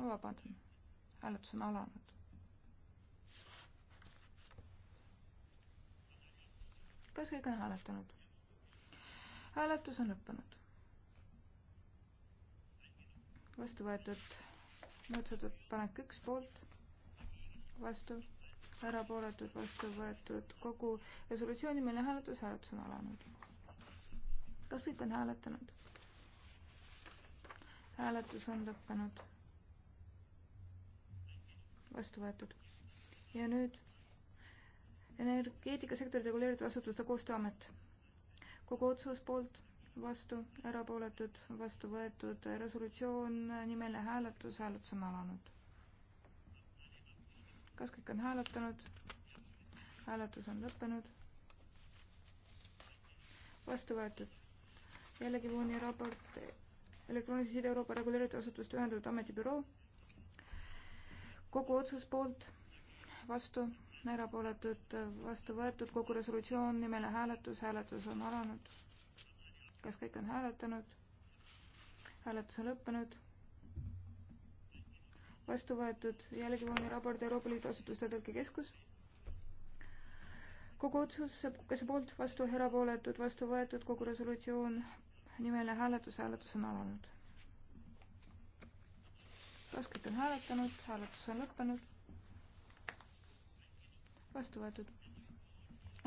vabandan hääletus on alanud. kas kõik on hääletanud? hääletus on lõppenud. vastu võetud muudatusettepanek üks poolt, vastu, erapooletud, vastu võetud kogu resolutsiooni, mille hääletus, hääletus on alanud. kas kõik on hääletanud? hääletus on lõppenud vastu võetud. ja nüüd energeetikasektori reguleeritud asutuste koostööamet. kogu otsus poolt, vastu, erapooletud, vastu võetud, resolutsioon, nimeline hääletus, hääletus on alanud. kas kõik on hääletanud? hääletus on lõppenud. vastu võetud. jällegi Vooni raport elektroonilise side Euroopa reguleeritud asutuste ühendatud ametibüroo kogu otsus poolt, vastu, erapooletud, vastu võetud, kogu resolutsioon, nimeline hääletus, hääletus on alanud. kas kõik on hääletanud? hääletus on lõppenud. vastu võetud jällegi Vooni raport Euroopa Liidu asutuste tõlkekeskus. kogu otsus, kes poolt, vastu, erapooletud, vastu võetud, kogu resolutsioon, nimeline hääletus, hääletus on alanud kas kõik on hääletanud, hääletus on lõppenud. vastu võetud.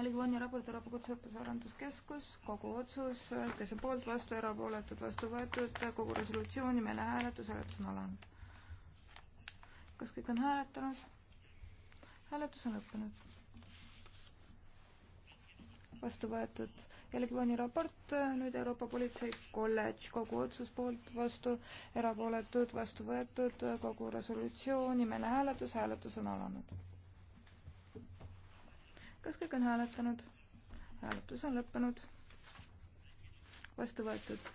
Ligioni raport Euroopa Kutseõppes Arenduskeskus, kogu otsus, kes on poolt, vastu, erapooletud, vastu võetud, kogu resolutsioon, nimeline hääletus, hääletus on alanud. kas kõik on hääletanud? hääletus on lõppenud. vastu võetud jällegi Vani raport, nüüd Euroopa Politsei kolledž, kogu otsus poolt, vastu, erapooletud, vastu võetud, kogu resolutsioon, nimeline hääletus, hääletus on alanud. kas kõik on hääletanud? hääletus on lõppenud. vastu võetud.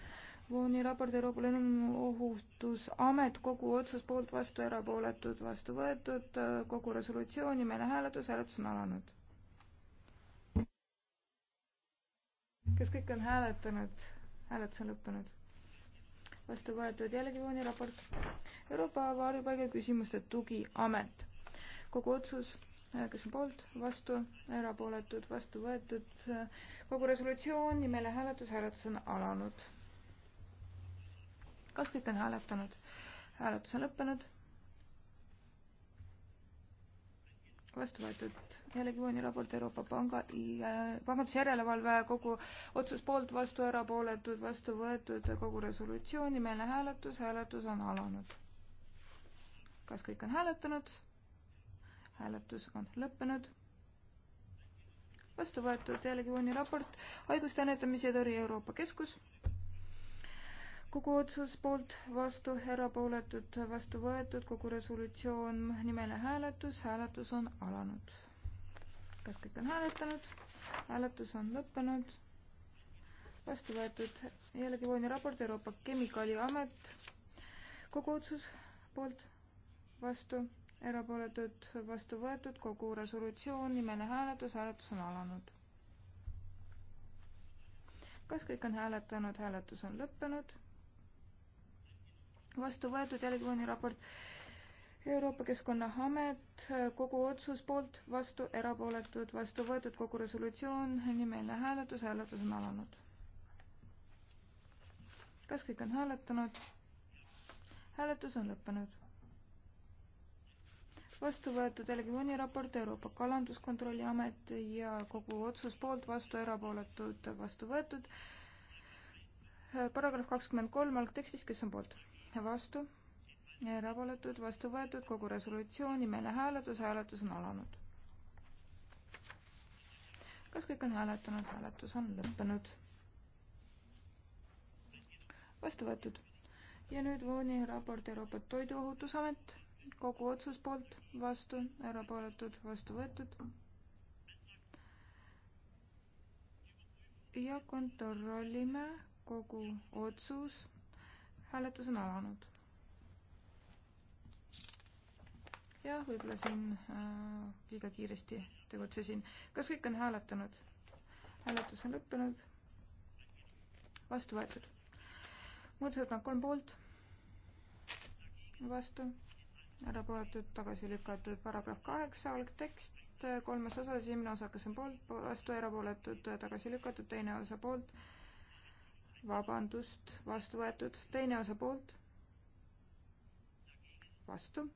Vooni raport Euroopa Lennuohutusamet, kogu otsus poolt, vastu, erapooletud, vastu võetud, kogu resolutsioon, nimeline hääletus, hääletus on alanud kes kõik on hääletanud, hääletus on lõppenud. vastu võetud jällegi Vooni raport. Euroopa varjupaiga küsimuste tugiamet. kogu otsus, äh, kes on poolt, vastu, erapooletud, vastu võetud. kogu resolutsioon, nimeline hääletus, hääletus on alanud. kas kõik on hääletanud? hääletus on lõppenud vastu võetud. jällegi Vooni raport Euroopa Panga ja Pangandusjärelevalve kogu otsus poolt vastu, erapooletud, vastu võetud kogu resolutsiooni, meelne hääletus, hääletus on alanud. kas kõik on hääletanud? hääletus on lõppenud. vastu võetud jällegi Vooni raport, haiguste ennetamise ja tõrje Euroopa Keskus kogu otsus poolt, vastu, erapooletud, vastu võetud, kogu resolutsioon, nimeline hääletus, hääletus on alanud. kas kõik on hääletanud? hääletus on lõppenud. vastu võetud jällegi Vooni raport, Euroopa Kemikaaliamet, kogu otsus poolt, vastu, erapooletud, vastu võetud, kogu resolutsioon, nimeline hääletus, hääletus on alanud kas kõik on hääletanud, hääletus on lõppenud vastu võetud, jällegi mõni raport. Euroopa Keskkonnaamet, kogu otsus poolt, vastu, erapooletud, vastu võetud, kogu resolutsioon, nimeline hääletus, hääletus on alanud. kas kõik on hääletanud? hääletus on lõppenud vastu võetud jällegi mõni raport Euroopa Kalanduskontrolli Amet ja kogu otsus poolt vastu erapooletud vastu võetud. paragrahv kakskümmend kolm algtekstis, kes on poolt? vastu, erapooletud, vastu võetud, kogu resolutsioon, nimeline hääletus, hääletus on alanud. kas kõik on hääletanud, hääletus on lõppenud. vastu võetud ja nüüd Vooni raport Euroopa Toiduohutusamet, kogu otsus poolt, vastu, erapooletud, vastu võetud ja kontrollime kogu otsus hääletus on alanud. jah, võib-olla siin äh, liiga kiiresti tegutsesin. kas kõik on hääletanud? hääletus on lõppenud. vastu võetud. muudatusettepanek kolm poolt. vastu. erapooletud, tagasi lükatud, paragrahv kaheksa, algtekst, kolmas osa, esimene osa, kes on poolt, vastu, erapooletud, tagasi lükatud, teine osa poolt vabandust, vastu võetud, teine osa poolt, vastu,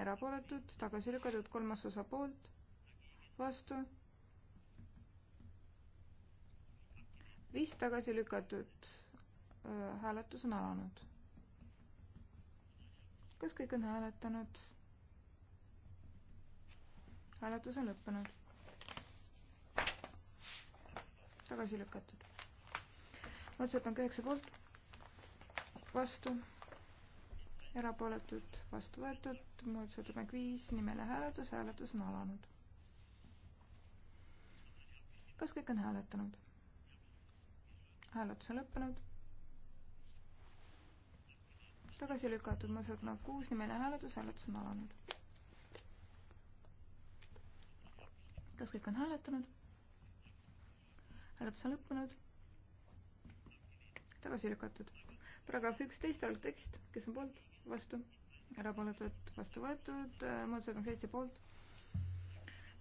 erapooletud, tagasi lükatud, kolmas osa poolt, vastu, viis tagasi lükatud, hääletus on alanud. kas kõik on hääletanud? hääletus on lõppenud. tagasi lükatud otsepank üheksa poolt, vastu, erapooletud, vastu võetud, muudatusettepanek viis, nimeline hääletus, hääletus on alanud. kas kõik on hääletanud? hääletus on lõppenud. tagasi lükatud muudatusettepanek kuus, nimeline hääletus, hääletus on alanud. kas kõik on hääletanud? hääletus on lõppenud tagasi lükatud. paragrahv üksteist algtekst, kes on poolt, vastu, erapooletud, vastu võetud, äh, muudatusettepanek seitse poolt,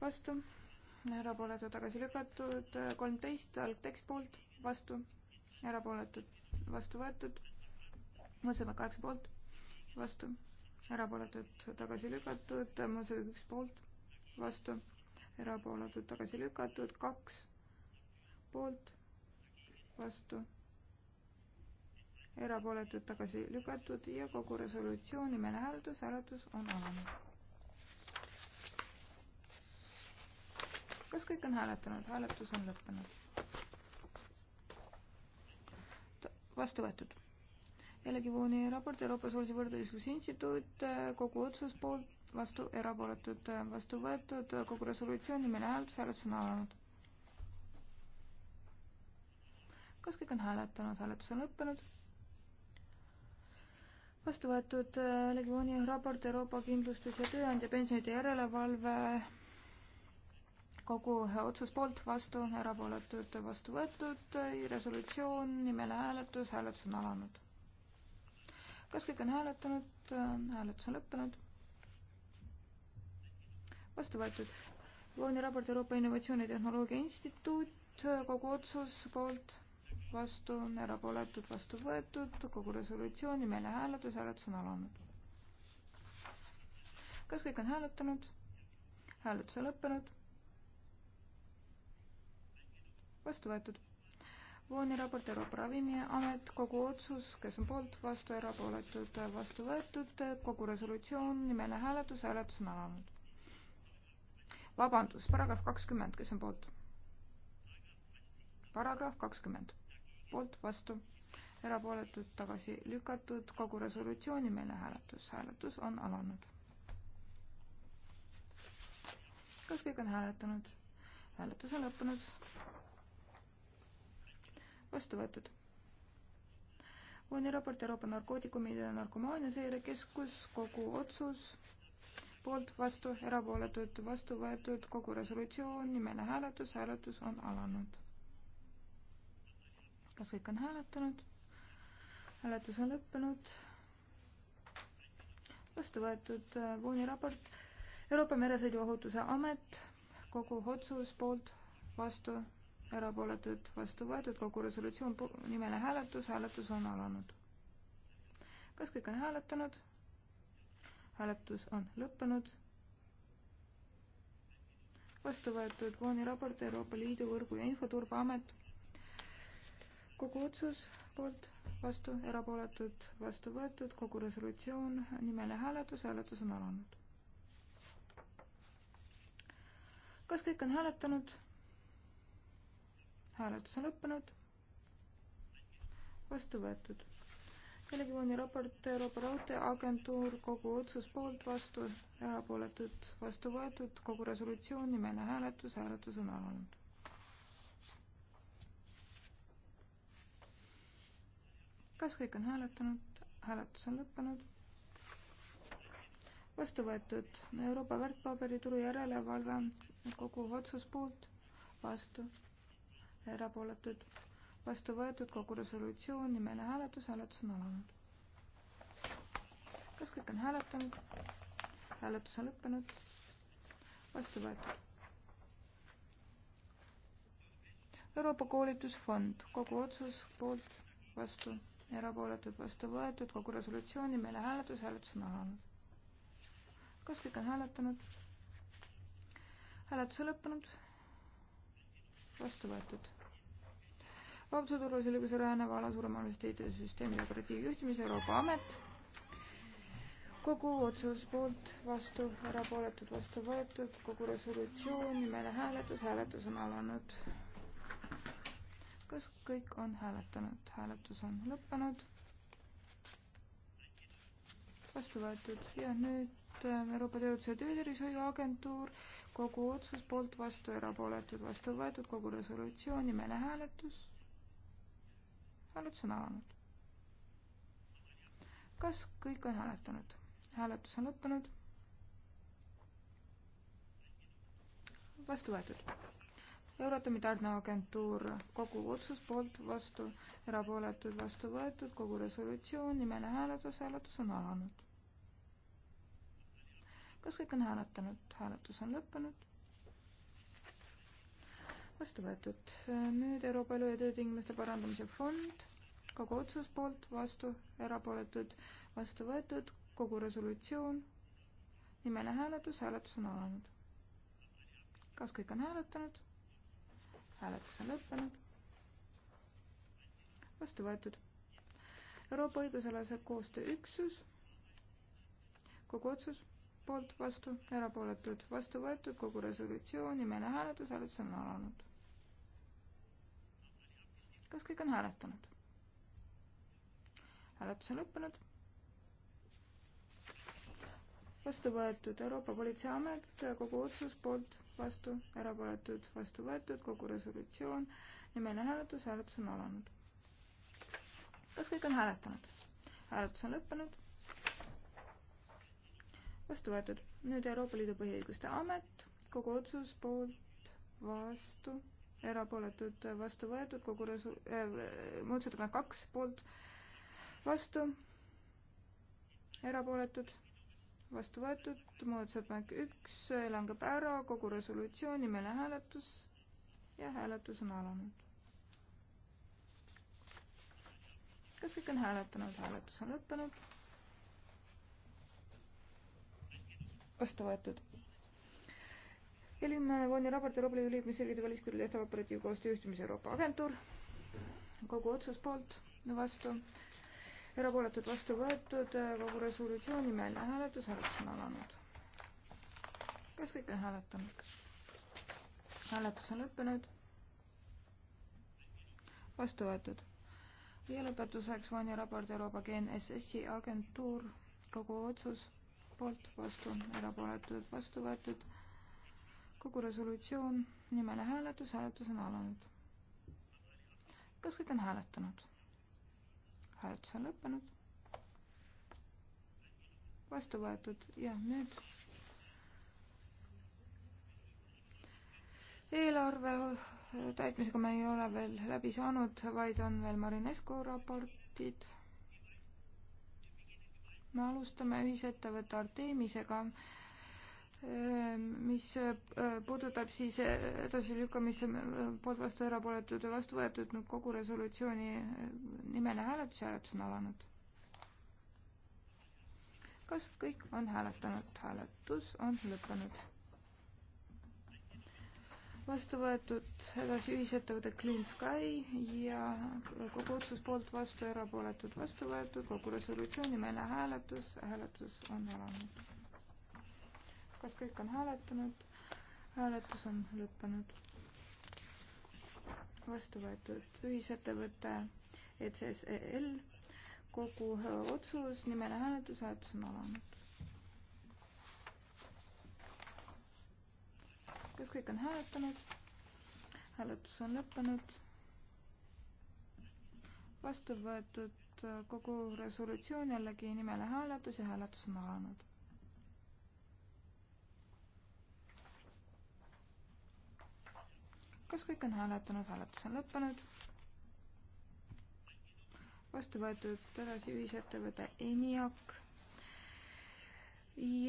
vastu, erapooletud, tagasi lükatud, äh, kolmteist algtekst poolt, vastu, erapooletud, vastu võetud, muudatusettepanek kaheksa poolt, vastu, erapooletud, tagasi lükatud, äh, muudatusettepanek üks poolt, vastu, erapooletud, tagasi lükatud, kaks poolt, vastu erapooletud tagasi lükatud ja kogu resolutsiooni meile hääletus, hääletus on alanud. kas kõik on hääletanud? hääletus on lõppenud. vastu võetud. jällegi Vooni raport Euroopa Soolise Võrdõiguslikkuse Instituut, kogu otsus poolt, vastu, erapooletud, vastu võetud, kogu resolutsiooni meile hääletus, hääletus on alanud. kas kõik on hääletanud? hääletus on lõppenud vastu võetud äh, Legiooni raport Euroopa Kindlustus- ja Tööandjapensionide järelevalve kogu otsus poolt vastu, erapooletud vastu võetud, resolutsioon, nimele hääletus, hääletus on alanud. kas kõik on hääletanud, hääletus on lõppenud? vastu võetud. Vooni raport Euroopa Innovatsioonitehnoloogia Instituut, kogu otsus poolt vastu, erapooletud, vastu võetud, kogu resolutsioon, nimeline hääletus, hääletus on alanud. kas kõik on hääletanud? hääletus on lõppenud. vastu võetud. Vooni raport Euroopa Ravimiamet, kogu otsus, kes on poolt, vastu, erapooletud, vastu võetud, kogu resolutsioon, nimeline hääletus, hääletus on alanud. vabandust, paragrahv kakskümmend, kes on poolt? paragrahv kakskümmend poolt, vastu, erapooletud, tagasi lükatud, kogu resolutsiooni meile hääletus, hääletus on alanud. kas kõik on hääletanud? hääletus on lõppenud. vastu võetud. on raport Euroopa narkootikumide ja narkomaania seirekeskus, kogu otsus poolt, vastu, erapooletud, vastu võetud, kogu resolutsioon, nimeline hääletus, hääletus on alanud kas kõik on hääletanud? hääletus on lõppenud. vastu võetud äh, Vooni raport Euroopa Meresõiduohutuse Amet, kogu otsus poolt, vastu, erapooletud, vastu võetud, kogu resolutsioon, nimeline hääletus, hääletus on alanud. kas kõik on hääletanud? hääletus on lõppenud. vastu võetud Vooni raport Euroopa Liidu Võrgu- ja Infoturbeamet kogu otsus poolt, vastu, erapooletud, vastu võetud, kogu resolutsioon, nimeline hääletus, hääletus on alanud. kas kõik on hääletanud? hääletus on lõppenud. vastu võetud. delegatsiooni raport Euroopa Raudteeagentuur, kogu otsus poolt, vastu, erapooletud, vastu võetud, kogu resolutsioon, nimeline hääletus, hääletus on alanud kas kõik on hääletanud? hääletus on lõppenud. vastu võetud Euroopa väärtpaberituru järelevalve koguv otsus poolt, vastu, erapooletud, vastu võetud kogu resolutsioon, nimeline hääletus, hääletus on alanud. kas kõik on hääletanud? hääletus on lõppenud. vastu võetud. Euroopa koolitusfond, kogu otsus poolt, vastu erapooletud vastu võetud, kogu resolutsiooni meile hääletus, hääletus on alanud. kas kõik on hääletanud? hääletus on lõppenud. vastu võetud. vabaduse turvalise õiguse rajaneva ala suuremahuliste IT-süsteemi operatiivjuhtimise juhtimise Euroopa Amet. kogu otsus poolt, vastu, erapooletud, vastu võetud, kogu resolutsiooni meile hääletus, hääletus on alanud kas kõik on hääletanud? hääletus on lõppenud. vastu võetud ja nüüd äh, Euroopa Töötuse Töötervishoiuagentuur, kogu otsus poolt vastu, erapooletud vastu võetud, kogu resolutsioon, nimeline hääletus. hääletus on alanud. kas kõik on hääletanud? hääletus on lõppenud. vastu võetud Euratomi tarneagentuur, kogu otsus poolt, vastu, erapooletud, vastu võetud, kogu resolutsioon, nimeline hääletus, hääletus on alanud. kas kõik on hääletanud? hääletus on lõppenud. vastu võetud. nüüd Euroopa Elu ja Töötingimuste Parandamise Fond, kogu otsus poolt, vastu, erapooletud, vastu võetud, kogu resolutsioon, nimeline hääletus, hääletus on alanud. kas kõik on hääletanud? hääletus on lõppenud. vastu võetud. Euroopa õigusalase koostöö üksus, kogu otsus poolt, vastu, erapooletud, vastu võetud, kogu resolutsioon, nimeline hääletus, hääletus on alanud. kas kõik on hääletanud? hääletus on lõppenud vastu võetud Euroopa Politseiamet, kogu otsus poolt, vastu, erapooletud, vastu võetud, kogu resolutsioon, nimeline hääletus, hääletus on alanud. kas kõik on hääletanud? hääletus on lõppenud. vastu võetud. nüüd Euroopa Liidu põhiõiguste amet, kogu otsus poolt, vastu, erapooletud, vastu võetud, kogu resu- äh,, muudatusettepanek kaks poolt, vastu, erapooletud vastu võetud, muudatusettepanek üks langeb ära, kogu resolutsioon, nimeline hääletus ja hääletus on alanud. kas kõik on hääletanud, hääletus on lõppenud. vastu võetud. Elimene Voni raport Euroopa Liidu liikmesriigide välisküll tehtava operatiivkoostöö juhtimise Euroopa Agentuur. kogu otsus poolt, vastu erapooletud vastu võetud, äh, kogu resolutsioon, nimeline hääletus, hääletus on alanud. kas kõik on hääletanud? hääletus on lõppenud. vastu võetud ja lõpetuseks Vanja raport Euroopa GNSS-i agentuur, kogu otsus poolt, vastu, erapooletud, vastu võetud, kogu resolutsioon, nimele hääletus, hääletus on alanud. kas kõik on hääletanud? hääletus on lõppenud. vastu võetud ja nüüd eelarve täitmisega me ei ole veel läbi saanud, vaid on veel Marinescu raportid. me alustame ühisettevõtte Artemisega Ehm, mis äh, puudutab siis äh, edasilükkamist äh, poolt vastu erapooletud ja vastu võetud kogu resolutsiooni nimeline hääletus, hääletus on alanud. kas kõik on hääletanud? hääletus on lõppenud. vastu võetud edasi ühisettevõte Clean Sky ja kogu otsus poolt vastu, erapooletud vastu võetud, kogu resolutsioon nimeline hääletus, hääletus on alanud kas kõik on hääletanud? hääletus on lõppenud. vastu võetud ühisettevõte ECSEL, kogu otsus, nimene hääletus, hääletus on alanud. kas kõik on hääletanud? hääletus on lõppenud. vastu võetud kogu resolutsioon jällegi nimele hääletus ja hääletus on alanud kas kõik on hääletanud, hääletus on lõppenud? vastu võetud edasi ühisettevõte ENIAC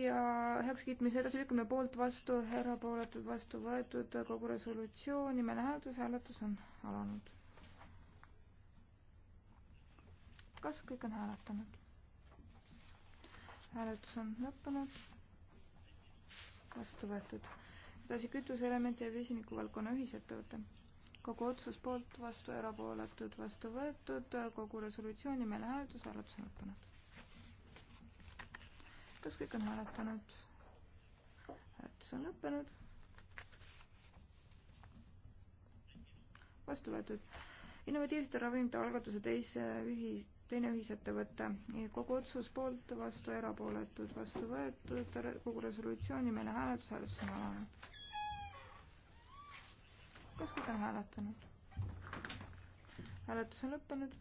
ja heakskiitmise edasilükkamine poolt vastu, erapooletud vastu võetud, kogu resolutsioon, nimene hääletus, hääletus on alanud. kas kõik on hääletanud? hääletus on lõppenud, vastu võetud edasi kütuseelemente ja vesiniku valdkonna ühisettevõte. kogu otsus poolt, vastu, erapooletud, vastu võetud, kogu resolutsioon ja meile hääletus, hääletus on lõppenud. kas kõik on hääletanud? hääletus on lõppenud. vastu võetud. innovatiivsete ravimite algatuse teise ühi-, teine ühisettevõte. kogu otsus poolt, vastu, erapooletud, vastu võetud, kogu resolutsiooni meile hääletus, hääletus on alanud kas kõik on hääletanud? hääletus on lõppenud.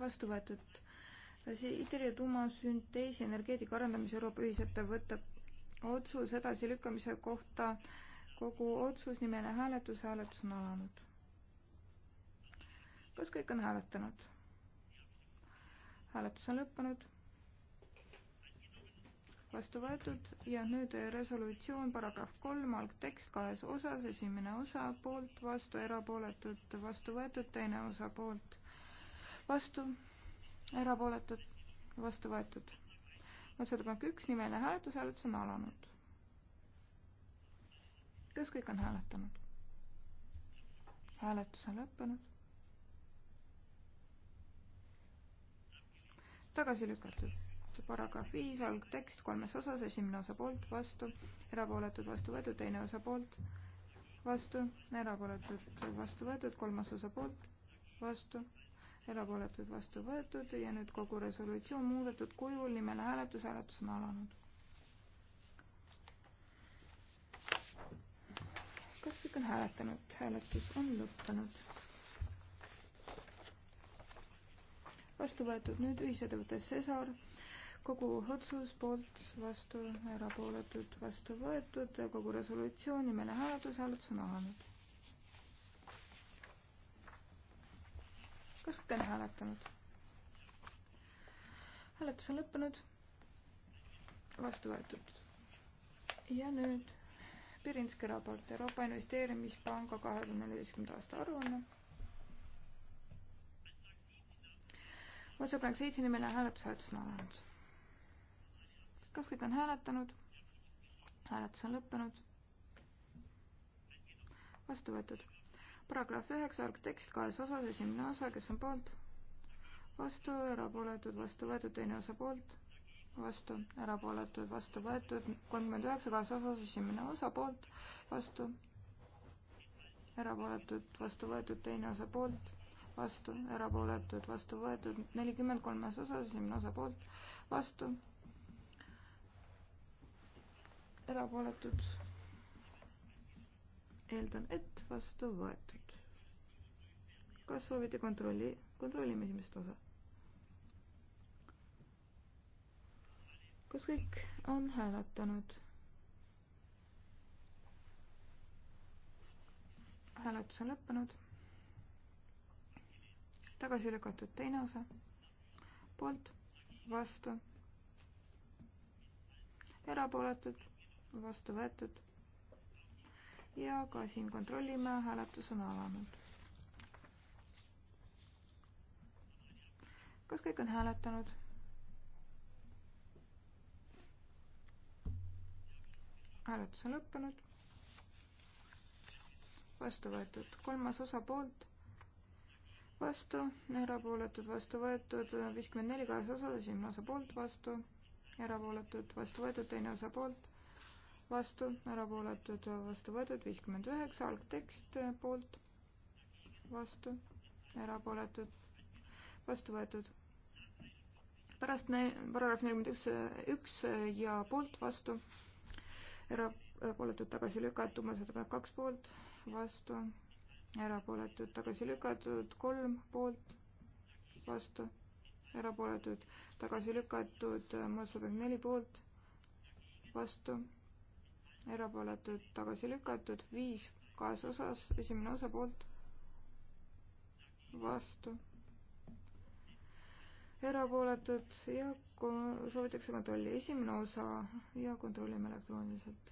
vastu võetud. Idri ja tuumasünteesi energeetika arendamise Euroopa ühisettevõtte otsus edasilükkamise kohta, kogu otsus, nimeline hääletus, hääletus on alanud. kas kõik on hääletanud? hääletus on lõppenud vastu võetud ja nüüd resolutsioon paragrahv kolm algtekst kahes osas, esimene osa poolt, vastu, erapooletud, vastu võetud, teine osa poolt, vastu, erapooletud, vastu võetud. muudatusettepanek üks, nimeline hääletus, hääletus on alanud. kas kõik on hääletanud? hääletus on lõppenud. tagasi lükatud muudatus, paragrahv viis, algtekst kolmes osas, esimene osa poolt, vastu, erapooletud, vastu võetud, teine osa poolt, vastu, erapooletud, vastu võetud, kolmas osa poolt, vastu, erapooletud, vastu võetud ja nüüd kogu resolutsioon muudetud kujul, nimele hääletus, hääletus on alanud. kas kõik on hääletanud? hääletus on lõppenud. vastu võetud nüüd ühisettevõte Cesar kogu otsus poolt, vastu, erapooletud, vastu võetud, kogu resolutsioon, nimeline hääletus, hääletus on alanud. kas kõik on hääletanud? hääletus on lõppenud, vastu võetud. ja nüüd Pirinski raport Euroopa Investeerimispanga kahe tuhande neljateistkümnenda aasta aruanne. otsaprank seitse nimene hääletus, hääletus on alanud kas kõik on hääletanud? hääletus on lõppenud. vastu võetud. paragrahv üheksa, algtekst kahes osas, esimene osa, kes on poolt? vastu, erapooletud, vastu võetud, teine osa poolt, vastu, erapooletud, vastu võetud, kolmkümmend üheksa, kahes osas, esimene osa poolt, vastu, erapooletud, vastu võetud, teine osa poolt vastu, erapooletud, vastu võetud nelikümmend kolmes osas, esimene osa poolt, vastu, erapooletud. eeldan, et vastu võetud. kas soovite kontrolli, kontrollime esimest osa? kas kõik on hääletanud? hääletus on lõppenud. tagasi lükatud teine osa. poolt, vastu, erapooletud vastu võetud. ja ka siin kontrollime, hääletus on alanud. kas kõik on hääletanud? hääletus on lõppenud. vastu võetud kolmas osa poolt, vastu, erapooletud, vastu võetud viiskümmend neli kahes osas, esimene osa poolt, vastu, erapooletud, vastu võetud, teine osa poolt, vastu, erapooletud, vastu võetud, viiskümmend üheksa, algtekst eh, poolt, vastu, erapooletud, vastu võetud. pärast ne-, paragrahv nelikümmend üks, eh, üks eh, ja poolt, vastu, erapooletud, tagasi lükatud, ma seda pean kaks poolt, vastu, erapooletud, tagasi lükatud, kolm poolt, vastu, erapooletud, tagasi lükatud, muudatusettepanek neli poolt, vastu erapooletud, tagasi lükatud, viis kahes osas, esimene osa poolt, vastu, erapooletud ja soovitakse kontrolli esimene osa ja kontrollime elektrooniliselt.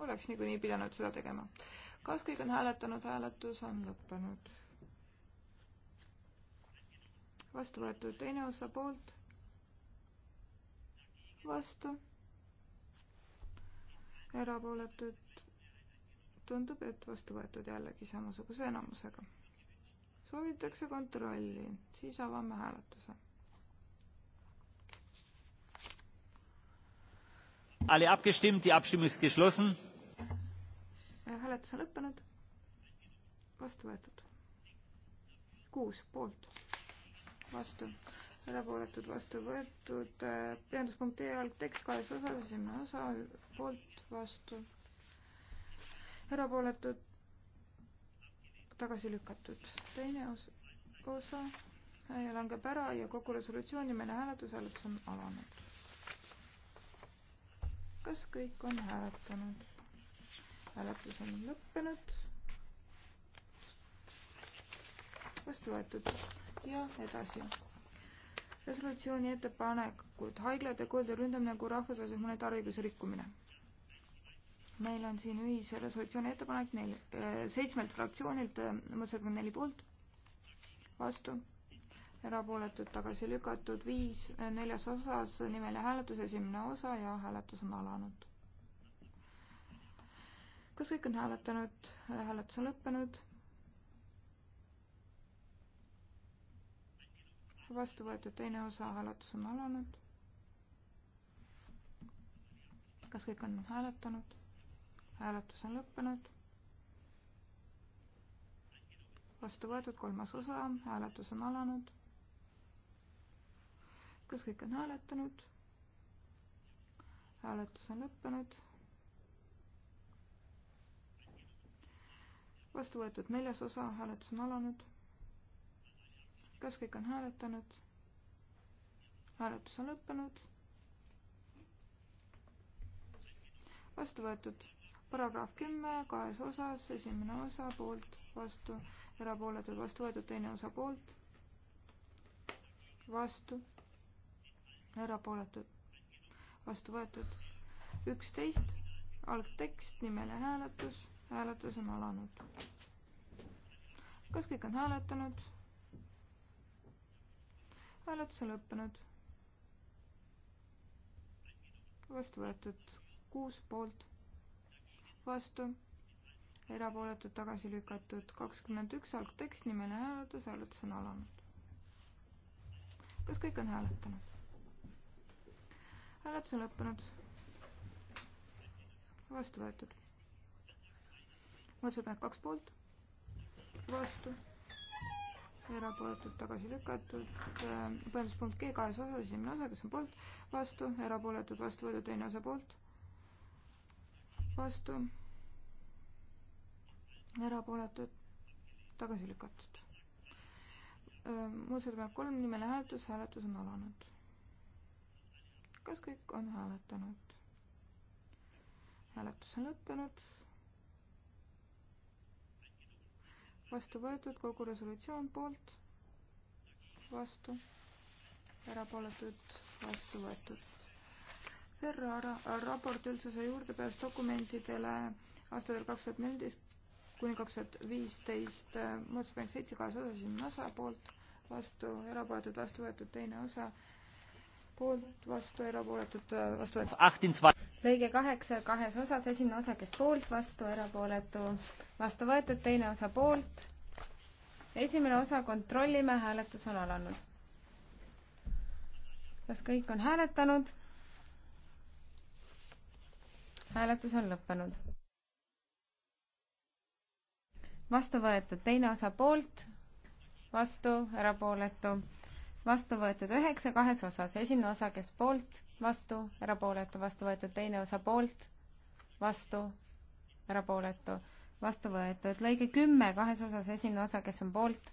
oleks niikuinii pidanud seda tegema. kas kõik on hääletanud, hääletus on lõppenud. vastu võetud teine osa poolt vastu, erapooletud tundub, et vastu võetud jällegi samasuguse enamusega. soovitakse kontrolli, siis avame hääletuse. Alle abgestimmt, die Abstimmung ist geschlossen. hääletus on lõppenud. vastu võetud. kuus poolt, vastu erapooletud, vastu võetud, peaenduspunkt E algtekst kahes osas, esimene osa poolt, vastu, erapooletud, tagasi lükatud. teine osa, osa langeb ära ja kogu resolutsiooni meile hääletus, hääletus on alanud. kas kõik on hääletanud? hääletus on lõppenud. vastu võetud ja edasi resolutsiooni ettepanekud haiglate koolide ründamine kui rahvusvahelise humanitaarõiguse rikkumine. meil on siin ühise resolutsiooni ettepanek neil äh, seitsmelt fraktsioonilt, mõtlesin neli poolt, vastu, erapooletud, tagasi lükatud, viis äh, neljas osas, nimeline hääletus, esimene osa ja hääletus on alanud. kas kõik on hääletanud, hääletus on lõppenud vastu võetud teine osa, hääletus on alanud. kas kõik on hääletanud? hääletus on lõppenud. vastu võetud kolmas osa, hääletus on alanud. kas kõik on hääletanud? hääletus on lõppenud. vastu võetud neljas osa, hääletus on alanud kas kõik on hääletanud? hääletus on lõppenud. vastu võetud paragrahv kümme kahes osas, esimene osa poolt, vastu, erapooletud, vastu võetud, teine osa poolt, vastu, erapooletud, vastu võetud, üksteist, algtekst, nimeline hääletus, hääletus on alanud. kas kõik on hääletanud? hääletus on lõppenud. vastu võetud kuus poolt, vastu, erapooletud tagasi lükatud kakskümmend üks, algtekst, nimeline hääletus, hääletus on alanud. kas kõik on hääletanud? hääletus on lõppenud. vastu võetud. muudatusettepanek kaks poolt, vastu erapooletult tagasi lükatud, põhjenduspunkt G kahes osas, esimene osa, kes on poolt, vastu, erapooletult vastu võetud, teine osa poolt, vastu, erapooletult tagasi lükatud. muudatusettepanek kolm, nimeline hääletus, hääletus on alanud. kas kõik on hääletanud? hääletus on lõppenud vastu võetud, kogu resolutsioon poolt, vastu, erapooletud, vastu võetud. Ferro raport üldsuse juurdepääs dokumentidele aastatel kaks tuhat neliteist kuni kaks tuhat viisteist muudatusettepanek seitse kahes osas, esimene osa poolt, vastu, erapooletud, vastu võetud, teine osa poolt, vastu, erapooletud, vastu võetud lõige kaheksa kahes osas, esimene osa, kes poolt, vastu, erapooletu, vastu võetud, teine osa poolt. esimene osa kontrollime, hääletus on alanud. kas kõik on hääletanud? hääletus on lõppenud. vastu võetud, teine osa poolt, vastu, erapooletu, vastu võetud üheksa kahes osas, esimene osa, kes poolt vastu, erapooletu, vastu võetud, teine osa poolt, vastu, erapooletu, vastu võetud. lõige kümme kahes osas, esimene osa, kes on poolt,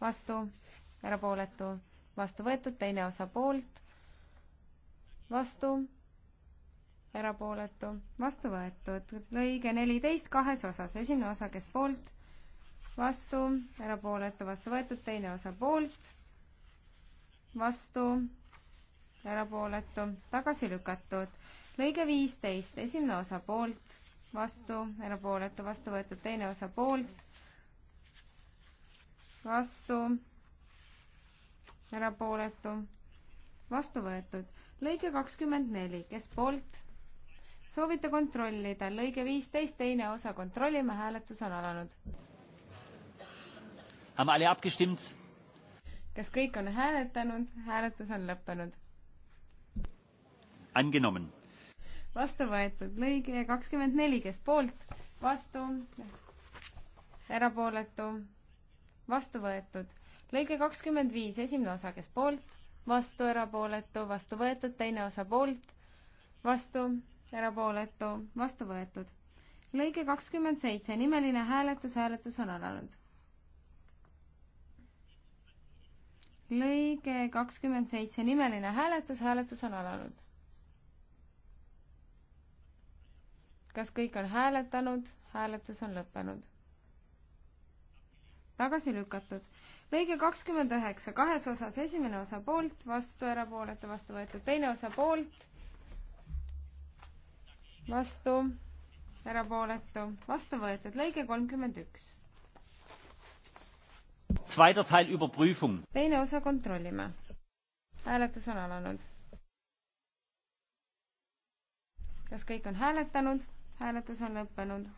vastu, erapooletu, vastu võetud, teine osa poolt, vastu, erapooletu, vastu võetud. lõige neliteist kahes osas, esimene osa, kes poolt, vastu, erapooletu, vastu võetud, teine osa poolt, vastu, erapooletu, tagasi lükatud. lõige viisteist, esimene osa poolt, vastu, erapooletu, vastu võetud, teine osa poolt, vastu, erapooletu, vastu võetud. lõige kakskümmend neli, kes poolt, soovite kontrollida, lõige viisteist, teine osa, kontrollime, hääletus on alanud. kas kõik on hääletanud, hääletus on lõppenud angenommen. vastu võetud lõige kakskümmend neli, kes poolt, vastu, erapooletu, vastu võetud. lõige kakskümmend viis, esimene osa, kes poolt, vastu, erapooletu, vastu võetud, teine osa poolt, vastu, erapooletu, vastu võetud. lõige kakskümmend seitse, nimeline hääletus, hääletus on alanud. lõige kakskümmend seitse, nimeline hääletus, hääletus on alanud kas kõik on hääletanud? hääletus on lõppenud. tagasi lükatud. lõige kakskümmend üheksa, kahes osas, esimene osa poolt, vastu, erapooletu, vastu võetud, teine osa poolt, vastu, erapooletu, vastu võetud, lõige kolmkümmend üks. teine osa kontrollime. hääletus on alanud. kas kõik on hääletanud? hääletus on lõppenud.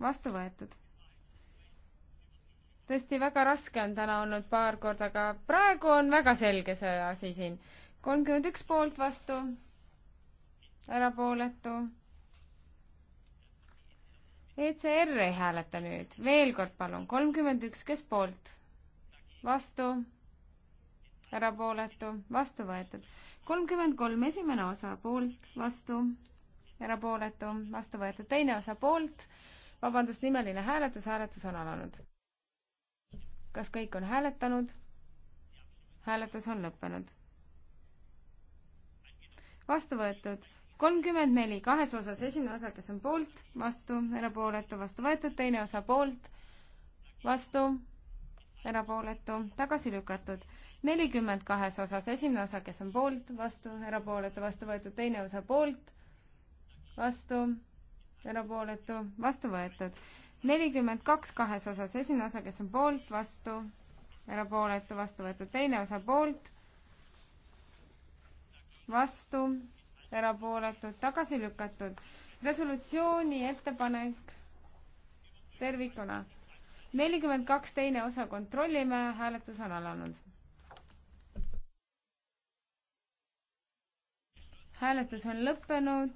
vastu võetud. tõesti väga raske on täna olnud paar korda, aga praegu on väga selge see asi siin. kolmkümmend üks poolt vastu, erapooletu. ECR ei hääleta nüüd, veel kord palun, kolmkümmend üks, kes poolt? vastu, erapooletu, vastu võetud kolmkümmend kolm, esimene osa poolt, vastu, erapooletu, vastu võetud, teine osa poolt, vabandust, nimeline hääletus, hääletus on alanud. kas kõik on hääletanud? hääletus on lõppenud. vastu võetud kolmkümmend neli, kahes osas, esimene osa, kes on poolt, vastu, erapooletu, vastu võetud, teine osa poolt, vastu, erapooletu, tagasi lükatud nelikümmend kahes osas, esimene osa, kes on poolt, vastu, erapooletu, vastu võetud, teine osa poolt, vastu, erapooletu, vastu võetud. nelikümmend kaks kahes osas, esimene osa, kes on poolt, vastu, erapooletu, vastu võetud, teine osa poolt, vastu, erapooletud, tagasi lükatud. resolutsiooni ettepanek tervikuna. nelikümmend kaks teine osa kontrollime, hääletus on alanud hääletus on lõppenud,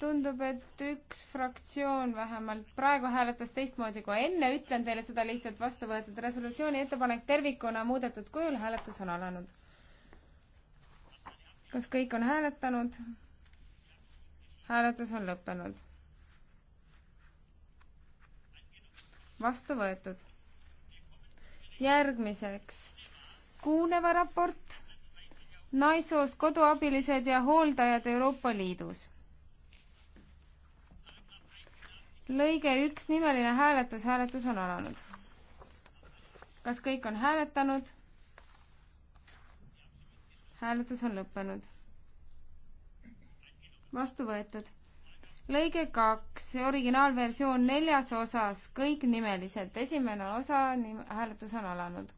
tundub, et üks fraktsioon vähemalt praegu hääletas teistmoodi kui enne, ütlen teile seda lihtsalt vastu võetud resolutsiooni ettepanek tervikuna muudetud kujul, hääletus on alanud. kas kõik on hääletanud? hääletus on lõppenud. vastu võetud. järgmiseks Kuuneva raport naissoost koduabilised ja hooldajad Euroopa Liidus. lõige üks, nimeline hääletus, hääletus on alanud. kas kõik on hääletanud? hääletus on lõppenud. vastu võetud. lõige kaks, originaalversioon neljas osas, kõik nimelised, esimene osa, hääletus on alanud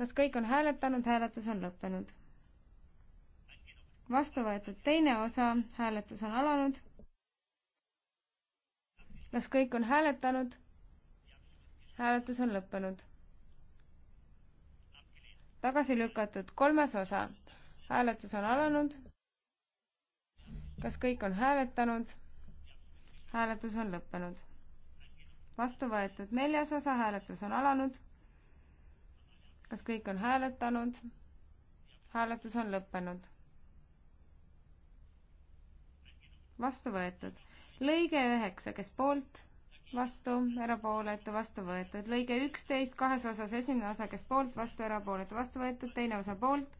kas kõik on hääletanud, hääletus on lõppenud. vastu võetud teine osa, hääletus on alanud. kas kõik on hääletanud? hääletus on lõppenud. tagasi lükatud kolmas osa, hääletus on alanud. kas kõik on hääletanud? hääletus on lõppenud. vastu võetud neljas osa, hääletus on alanud kas kõik on hääletanud? hääletus on lõppenud. vastu võetud. lõige üheksa, kes poolt, vastu, erapooletu, vastu võetud. lõige üksteist kahes osas, esimene osa, kes poolt, vastu, erapooletu, vastu võetud, teine osa poolt,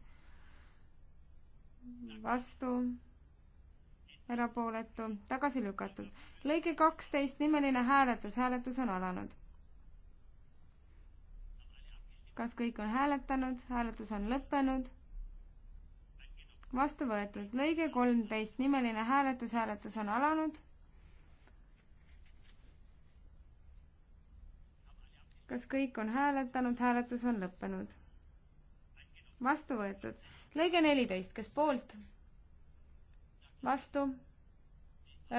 vastu, erapooletu, tagasi lükatud. lõige kaksteist, nimeline hääletus, hääletus on alanud kas kõik on hääletanud, hääletus on lõppenud? vastu võetud, lõige kolmteist, nimeline hääletus, hääletus on alanud. kas kõik on hääletanud, hääletus on lõppenud? vastu võetud, lõige neliteist, kes poolt? vastu,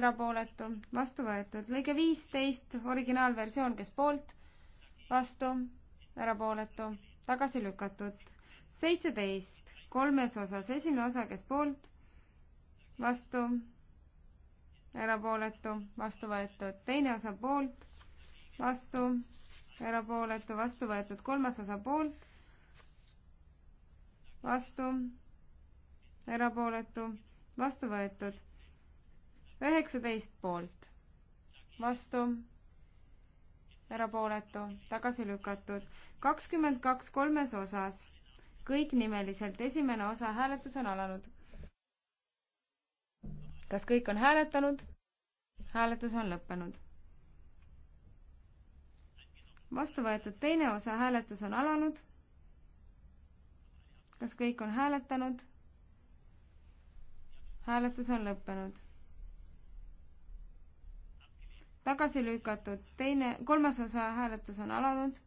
erapooletu, vastu võetud, lõige viisteist, originaalversioon, kes poolt? vastu erapooletu, tagasi lükatud. seitseteist, kolmes osas, esimene osa, kes poolt, vastu, erapooletu, vastu võetud, teine osa poolt, vastu, erapooletu, vastu võetud, kolmas osa poolt, vastu, erapooletu, vastu võetud, üheksateist poolt, vastu erapooletu, tagasi lükatud. kakskümmend kaks kolmes osas, kõik nimeliselt, esimene osa, hääletus on alanud. kas kõik on hääletanud? hääletus on lõppenud. vastu võetud teine osa, hääletus on alanud. kas kõik on hääletanud? hääletus on lõppenud tagasi lükatud, teine, kolmas osa hääletus on alanud.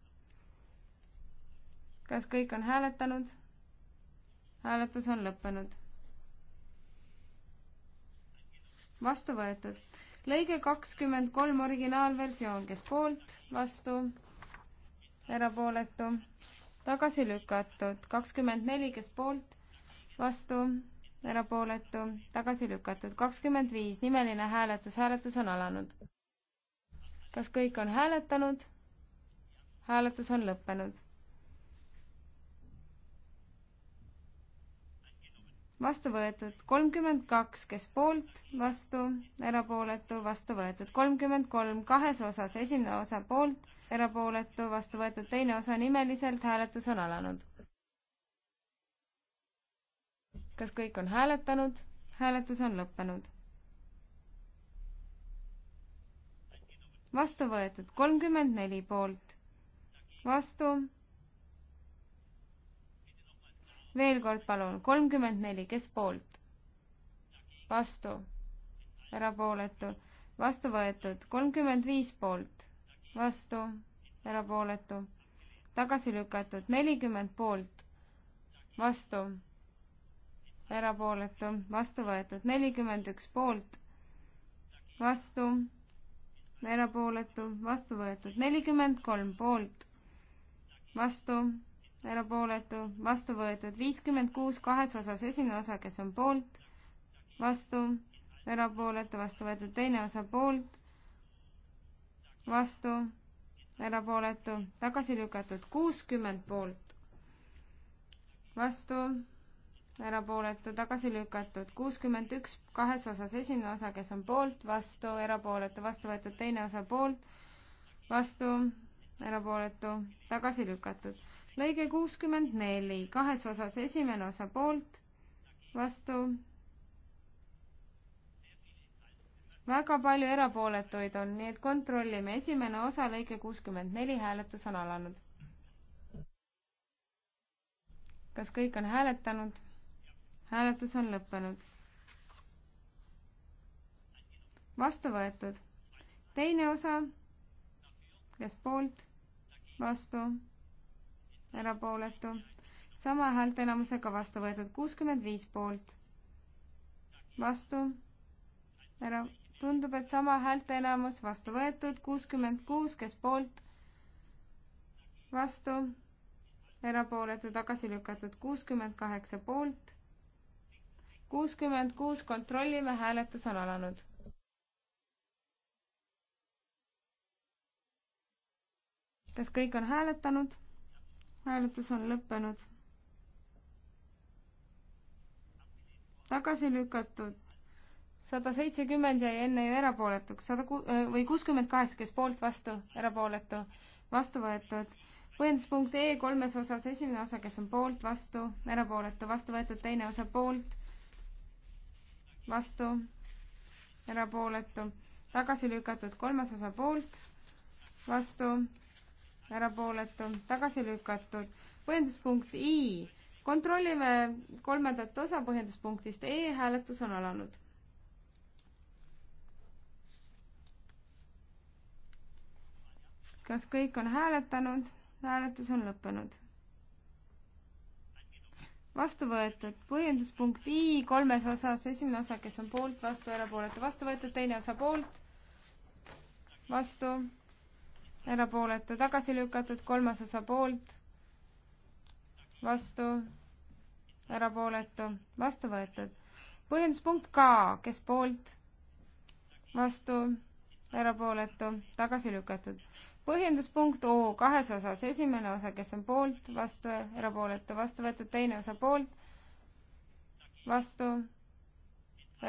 kas kõik on hääletanud? hääletus on lõppenud. vastu võetud. lõige kakskümmend kolm originaalversioon, kes poolt, vastu, erapooletu, tagasi lükatud. kakskümmend neli, kes poolt, vastu, erapooletu, tagasi lükatud. kakskümmend viis, nimeline hääletus, hääletus on alanud kas kõik on hääletanud? hääletus on lõppenud. vastu võetud kolmkümmend kaks, kes poolt, vastu, erapooletu, vastu võetud kolmkümmend kolm kahes osas, esimene osa poolt, erapooletu, vastu võetud teine osa nimeliselt, hääletus on alanud. kas kõik on hääletanud? hääletus on lõppenud vastu võetud kolmkümmend neli poolt, vastu. veel kord palun, kolmkümmend neli, kes poolt? vastu, erapooletu, vastu võetud kolmkümmend viis poolt, vastu, erapooletu, tagasi lükatud nelikümmend poolt, vastu, erapooletu, vastu võetud nelikümmend üks poolt, vastu erapooletu, vastu võetud. nelikümmend kolm poolt, vastu, erapooletu, vastu võetud. viiskümmend kuus kahes osas, esimene osa, kes on poolt, vastu, erapooletu, vastu võetud. teine osa poolt, vastu, erapooletu, tagasi lükatud. kuuskümmend poolt, vastu erapooletu, tagasi lükatud. kuuskümmend üks kahes osas, esimene osa, kes on poolt, vastu, erapooletu, vastu võetud, teine osa poolt, vastu, erapooletu, tagasi lükatud. lõige kuuskümmend neli, kahes osas, esimene osa poolt, vastu, väga palju erapooletuid on, nii et kontrollime. esimene osa, lõige kuuskümmend neli, hääletus on alanud. kas kõik on hääletanud? hääletus on lõppenud. vastu võetud. teine osa, kes poolt, vastu, erapooletu, sama häälteenamusega vastu võetud, kuuskümmend viis poolt, vastu, ära, tundub, et sama häälteenamus vastu võetud, kuuskümmend kuus, kes poolt, vastu, erapooletu tagasi lükatud, kuuskümmend kaheksa poolt kuuskümmend kuus, kontrollime, hääletus on alanud. kas kõik on hääletanud? hääletus on lõppenud. tagasi lükatud sada seitsekümmend jäi enne ju erapooletuks, sada ku-, äh, või kuuskümmend kaheksa, kes poolt, vastu, erapooletu, vastu võetud. põhjenduspunkt E kolmes osas, esimene osa, kes on poolt, vastu, erapooletu, vastu võetud, teine osa poolt, vastu, erapooletu, tagasi lükatud kolmas osa poolt, vastu, erapooletu, tagasi lükatud. põhjenduspunkt I. kontrollime kolmandat osa põhjenduspunktist E, hääletus on alanud. kas kõik on hääletanud? hääletus on lõppenud vastu võetud. põhjenduspunkt I kolmes osas, esimene osa, kes on poolt, vastu, erapooletu, vastu võetud, teine osa poolt, vastu, erapooletu, tagasi lükatud, kolmas osa poolt, vastu, erapooletu, vastu võetud. põhjenduspunkt K, kes poolt, vastu, erapooletu, tagasi lükatud põhjenduspunkt O kahes osas, esimene osa, kes on poolt, vastu, erapooletu, vastu võetud, teine osa poolt, vastu,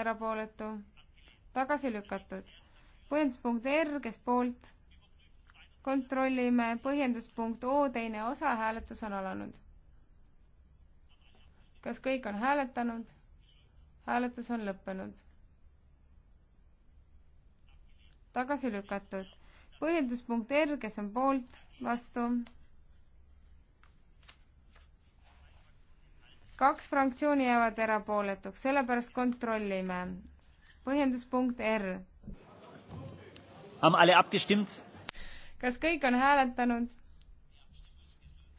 erapooletu, tagasi lükatud. põhjenduspunkt R, kes poolt, kontrollime, põhjenduspunkt O teine osa, hääletus on alanud. kas kõik on hääletanud? hääletus on lõppenud. tagasi lükatud põhjenduspunkt R, kes on poolt, vastu. kaks fraktsiooni jäävad erapooletuks, sellepärast kontrollime. põhjenduspunkt R. kas kõik on hääletanud?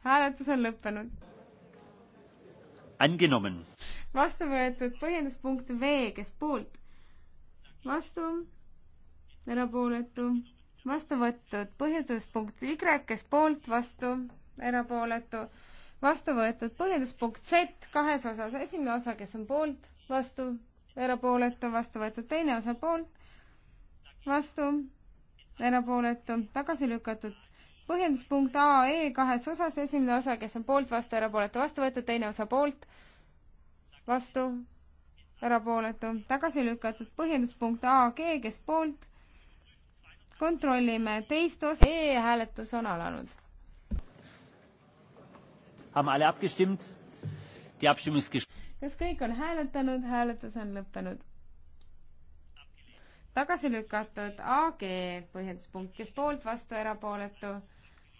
hääletus on lõppenud. Angenommen. vastu võetud põhjenduspunkt V, kes poolt? vastu, erapooletu vastu võetud, põhjenduspunkt Y, kes poolt, vastu, erapooletu, vastu võetud, põhjenduspunkt Z kahes osas, esimene osa, kes on poolt, vastu, erapooletu, vastu võetud, teine osa poolt, vastu, erapooletu, tagasi lükatud. põhjenduspunkt AE kahes osas, esimene osa, kes on poolt, vastu, erapooletu, vastu võetud, teine osa poolt, vastu, erapooletu, tagasi lükatud. põhjenduspunkt AG, kes poolt kontrollime teist osa e. e-hääletus on alanud. kas kõik on hääletanud, hääletus on lõppenud? tagasi lükatud AG põhjenduspunkt, kes poolt, vastu, erapooletu.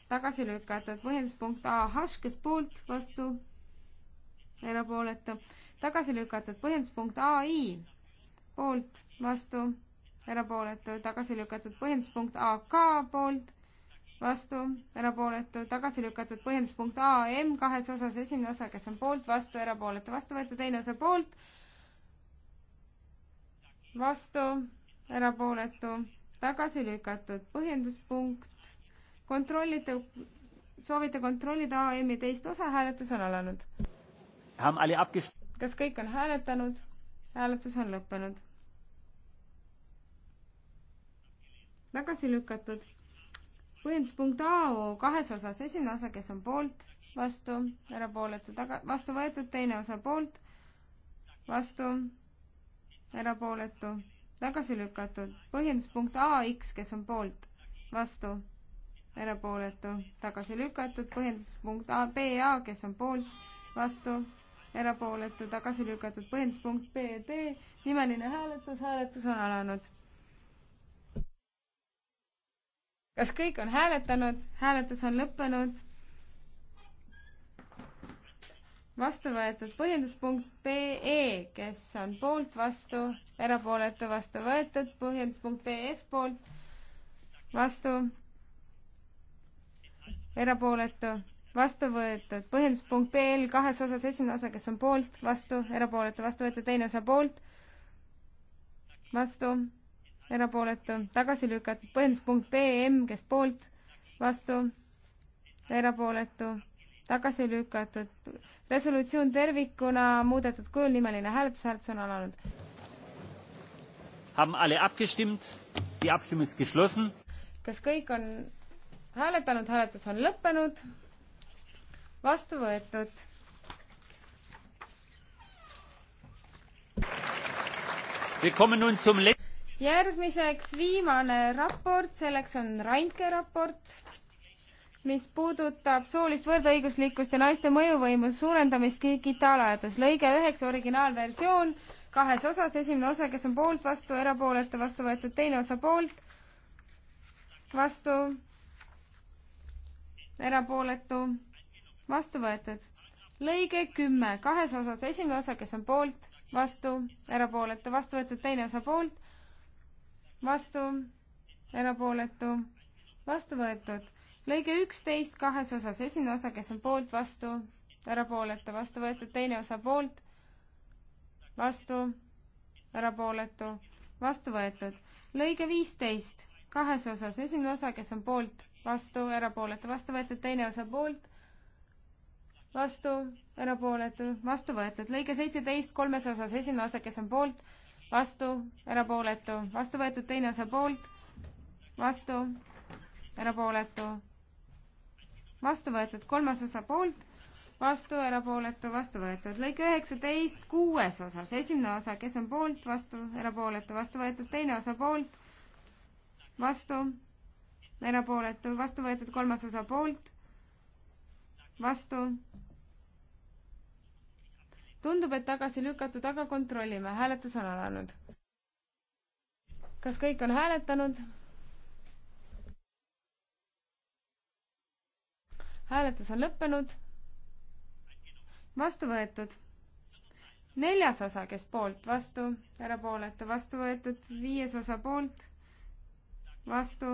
tagasi lükatud põhjenduspunkt AH, kes poolt, vastu, erapooletu. tagasi lükatud põhjenduspunkt ai, poolt, vastu erapooletu, tagasi lükatud, põhjenduspunkt AK poolt, vastu, erapooletu, tagasi lükatud, põhjenduspunkt AM kahes osas, esimene osa, kes on poolt, vastu, erapooletu, vastu võetud, teine osa poolt, vastu, erapooletu, tagasi lükatud, põhjenduspunkt, kontrollite, soovite kontrollida AM-i teist osa, hääletus on alanud. kas kõik on hääletanud? hääletus on lõppenud tagasi lükatud. põhjenduspunkt A kahes osas, esimene osa, kes on poolt, vastu, erapooletu, taga, vastu võetud, teine osa poolt, vastu, erapooletu, tagasi lükatud. põhjenduspunkt AX, kes on poolt, vastu, erapooletu, tagasi lükatud. põhjenduspunkt ABA, kes on poolt, vastu, erapooletu, tagasi lükatud. põhjenduspunkt BD, nimeline hääletus, hääletus on alanud kas kõik on hääletanud? hääletus on lõppenud. vastu võetud põhjenduspunkt BE, kes on poolt, vastu, erapooletu, vastu võetud, põhjenduspunkt BF poolt, vastu, erapooletu, vastu võetud, põhjenduspunkt BL kahes osas, esimene osa, kes on poolt, vastu, erapooletu, vastu võetud, teine osa poolt, vastu erapooletu, tagasi lükatud, põhjenduspunkt BM, kes poolt, vastu, erapooletu, tagasi lükatud. resolutsioon tervikuna muudetud kujul, nimeline hääletus, hääletus on alanud. kas kõik on hääletanud, hääletus on lõppenud, vastu võetud wir kommen nun zum järgmiseks viimane raport, selleks on Randke raport, mis puudutab soolist võrdõiguslikkust ja naiste mõjuvõimu suurendamist digitaalajades. lõige üheksa originaalversioon kahes osas, esimene osa, kes on poolt, vastu, erapooletu, vastu võetud, teine osa poolt, vastu, erapooletu, vastu võetud. lõige kümme, kahes osas, esimene osa, kes on poolt, vastu, erapooletu, vastu võetud, teine osa poolt, vastu, erapooletu, vastu võetud. lõige üksteist kahes osas, esimene osa, kes on poolt, vastu, erapooletu, vastu võetud, teine osa poolt, vastu, erapooletu, vastu võetud. lõige viisteist kahes osas, esimene osa, kes on poolt, vastu, erapooletu, vastu võetud, teine osa poolt, vastu, erapooletu, vastu võetud. lõige seitseteist kolmes osas, esimene osa, kes on poolt, vastu, erapooletu, vastu võetud teine osa poolt, vastu, erapooletu, vastu võetud kolmas osa poolt, vastu, erapooletu, vastu võetud. lõige üheksateist kuues osas, esimene osa, kes on poolt, vastu, erapooletu, vastu võetud, teine osa poolt, vastu, erapooletu, vastu võetud kolmas osa poolt, vastu, tundub, et tagasi lükatud, aga kontrollime, hääletus on alanud. kas kõik on hääletanud? hääletus on lõppenud. vastu võetud. neljas osa, kes poolt, vastu, erapooletu, vastu võetud, viies osa poolt, vastu,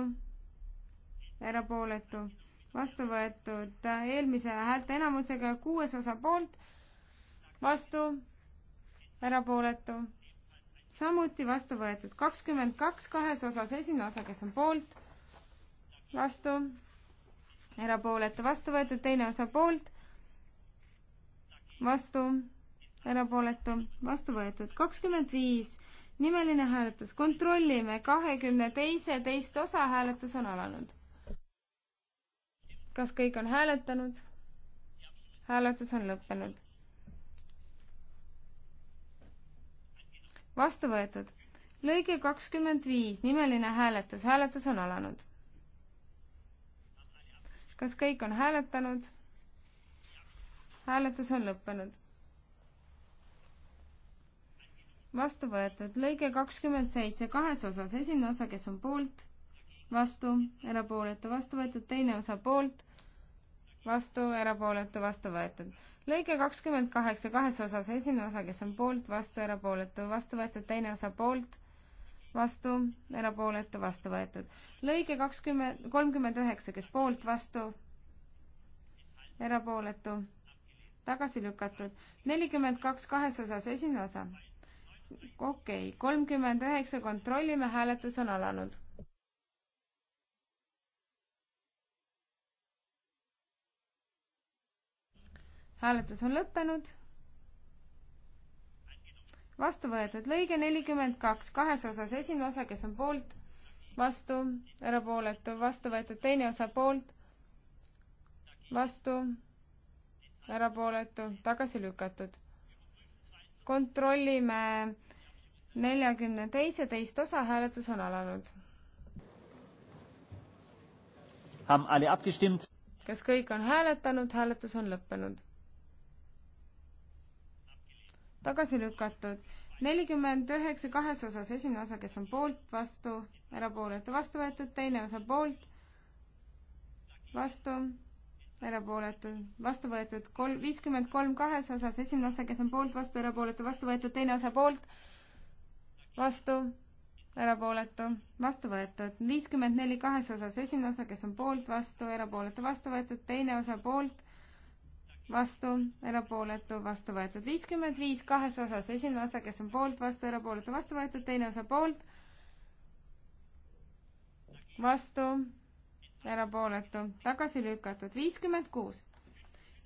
erapooletu, vastu võetud, eelmise häälte enamusega kuues osa poolt, vastu, erapooletu, samuti vastu võetud. kakskümmend kaks kahes osas, esimene osa, kes on poolt, vastu, erapooletu, vastu võetud, teine osa poolt, vastu, erapooletu, vastu võetud. kakskümmend viis, nimeline hääletus, kontrollime, kahekümne teise teist osa hääletus on alanud. kas kõik on hääletanud? hääletus on lõppenud vastu võetud. lõige kakskümmend viis, nimeline hääletus, hääletus on alanud. kas kõik on hääletanud? hääletus on lõppenud. vastu võetud, lõige kakskümmend seitse, kahes osas, esimene osa, kes on poolt, vastu, erapooletu, vastu võetud, teine osa poolt, vastu, erapooletu, vastu võetud. lõige kakskümmend kaheksa kahes osas, esimene osa, kes on poolt, vastu, erapooletu, vastu võetud, teine osa poolt, vastu, erapooletu, vastu võetud. lõige kakskümmend, kolmkümmend üheksa, kes poolt, vastu, erapooletu, tagasi lükatud. nelikümmend kaks kahes osas, esimene osa. okei okay., kolmkümmend üheksa, kontrollime, hääletus on alanud hääletus on lõppenud. vastu võetud lõige nelikümmend kaks, kahes osas esimene osa, kes on poolt, vastu, erapooletu, vastu võetud teine osa poolt, vastu, erapooletu, tagasi lükatud. kontrollime neljakümne teise teist osa, hääletus on alanud haben alle abgestimmt. kas kõik on hääletanud, hääletus on lõppenud tagasi lükatud. nelikümmend üheksa kahes osas, esimene osa, kes on poolt, vastu, erapooletu, vastu võetud, teine osa poolt, vastu, erapooletu, vastu võetud, kolm, viiskümmend kolm kahes osas, esimene osa, kes on poolt, vastu, erapooletu, vastu võetud, teine osa poolt, vastu, erapooletu, vastu võetud, viiskümmend neli kahes osas, esimene osa, kes on poolt, vastu, erapooletu, vastu võetud, teine osa poolt vastu, erapooletu, vastu võetud. viiskümmend viis kahes osas, esimene osa, kes on poolt, vastu, erapooletu, vastu võetud, teine osa poolt, vastu, erapooletu, tagasi lükatud. viiskümmend kuus,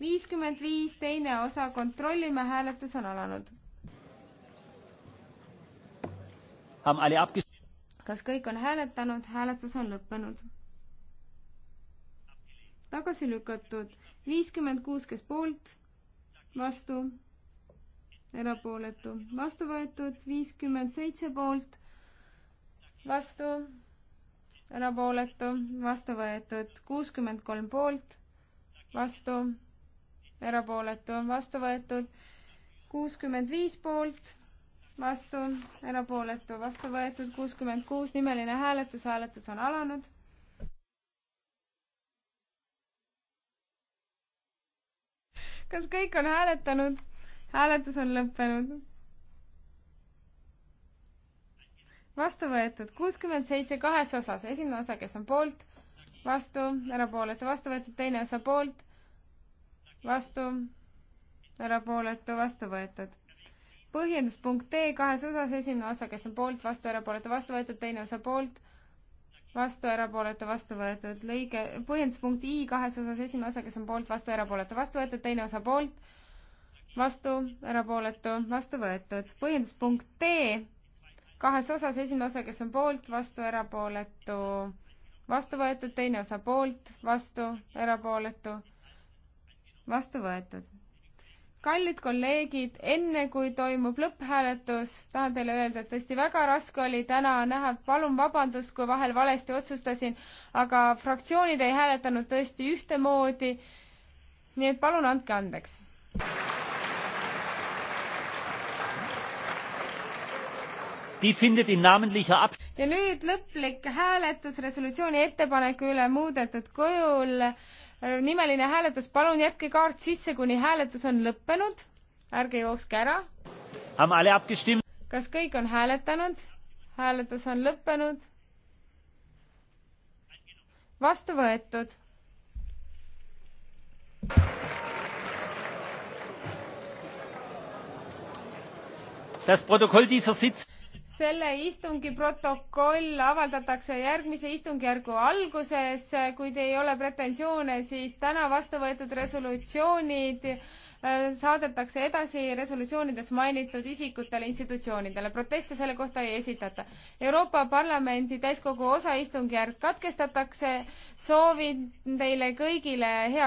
viiskümmend viis, teine osa, kontrollime, hääletus on alanud. kas kõik on hääletanud, hääletus on lõppenud? tagasi lükatud viiskümmend kuus, kes poolt, vastu, erapooletu, vastu võetud, viiskümmend seitse poolt, vastu, erapooletu, vastu võetud, kuuskümmend kolm poolt, vastu, erapooletu, vastu võetud, kuuskümmend viis poolt vastu, erapooletu, vastu võetud kuuskümmend kuus, nimeline hääletus, hääletus on alanud. kas kõik on hääletanud? hääletus on lõppenud. vastu võetud kuuskümmend seitse kahes osas, esimene osa, kes on poolt, vastu, erapooletu, vastu võetud, teine osa poolt, vastu, erapooletu, vastu võetud. põhjenduspunkt D kahes osas, esimene osa, kes on poolt, vastu, erapooletu, vastu võetud, teine osa poolt vastu, erapooletu, vastu võetud, lõige, põhjenduspunkt I kahes osas, esimene osa, kes on poolt, vastu, erapooletu, vastu võetud, teine osa poolt, vastu, erapooletu, vastu võetud. põhjenduspunkt D kahes osas, esimene osa, kes on poolt, vastu, erapooletu, vastu võetud, teine osa poolt, vastu, erapooletu, vastu võetud kallid kolleegid, enne kui toimub lõpphääletus, tahan teile öelda, et tõesti väga raske oli täna näha, palun vabandust, kui vahel valesti otsustasin, aga fraktsioonid ei hääletanud tõesti ühtemoodi. nii et palun andke andeks. ja nüüd lõplik hääletus resolutsiooni ettepaneku üle muudetud kujul Äh, nimeline hääletus, palun jätke kaart sisse, kuni hääletus on lõppenud. ärge jookske ära. kas kõik on hääletanud? hääletus on lõppenud. vastu võetud. Das Protokoll dieser Sitz selle istungi protokoll avaldatakse järgmise istungjärgu alguses, kui ei ole pretensioone, siis täna vastu võetud resolutsioonid äh, saadetakse edasi resolutsioonides mainitud isikutele, institutsioonidele. proteste selle kohta ei esitata. Euroopa Parlamendi täiskogu osaistungjärk katkestatakse. soovin teile kõigile head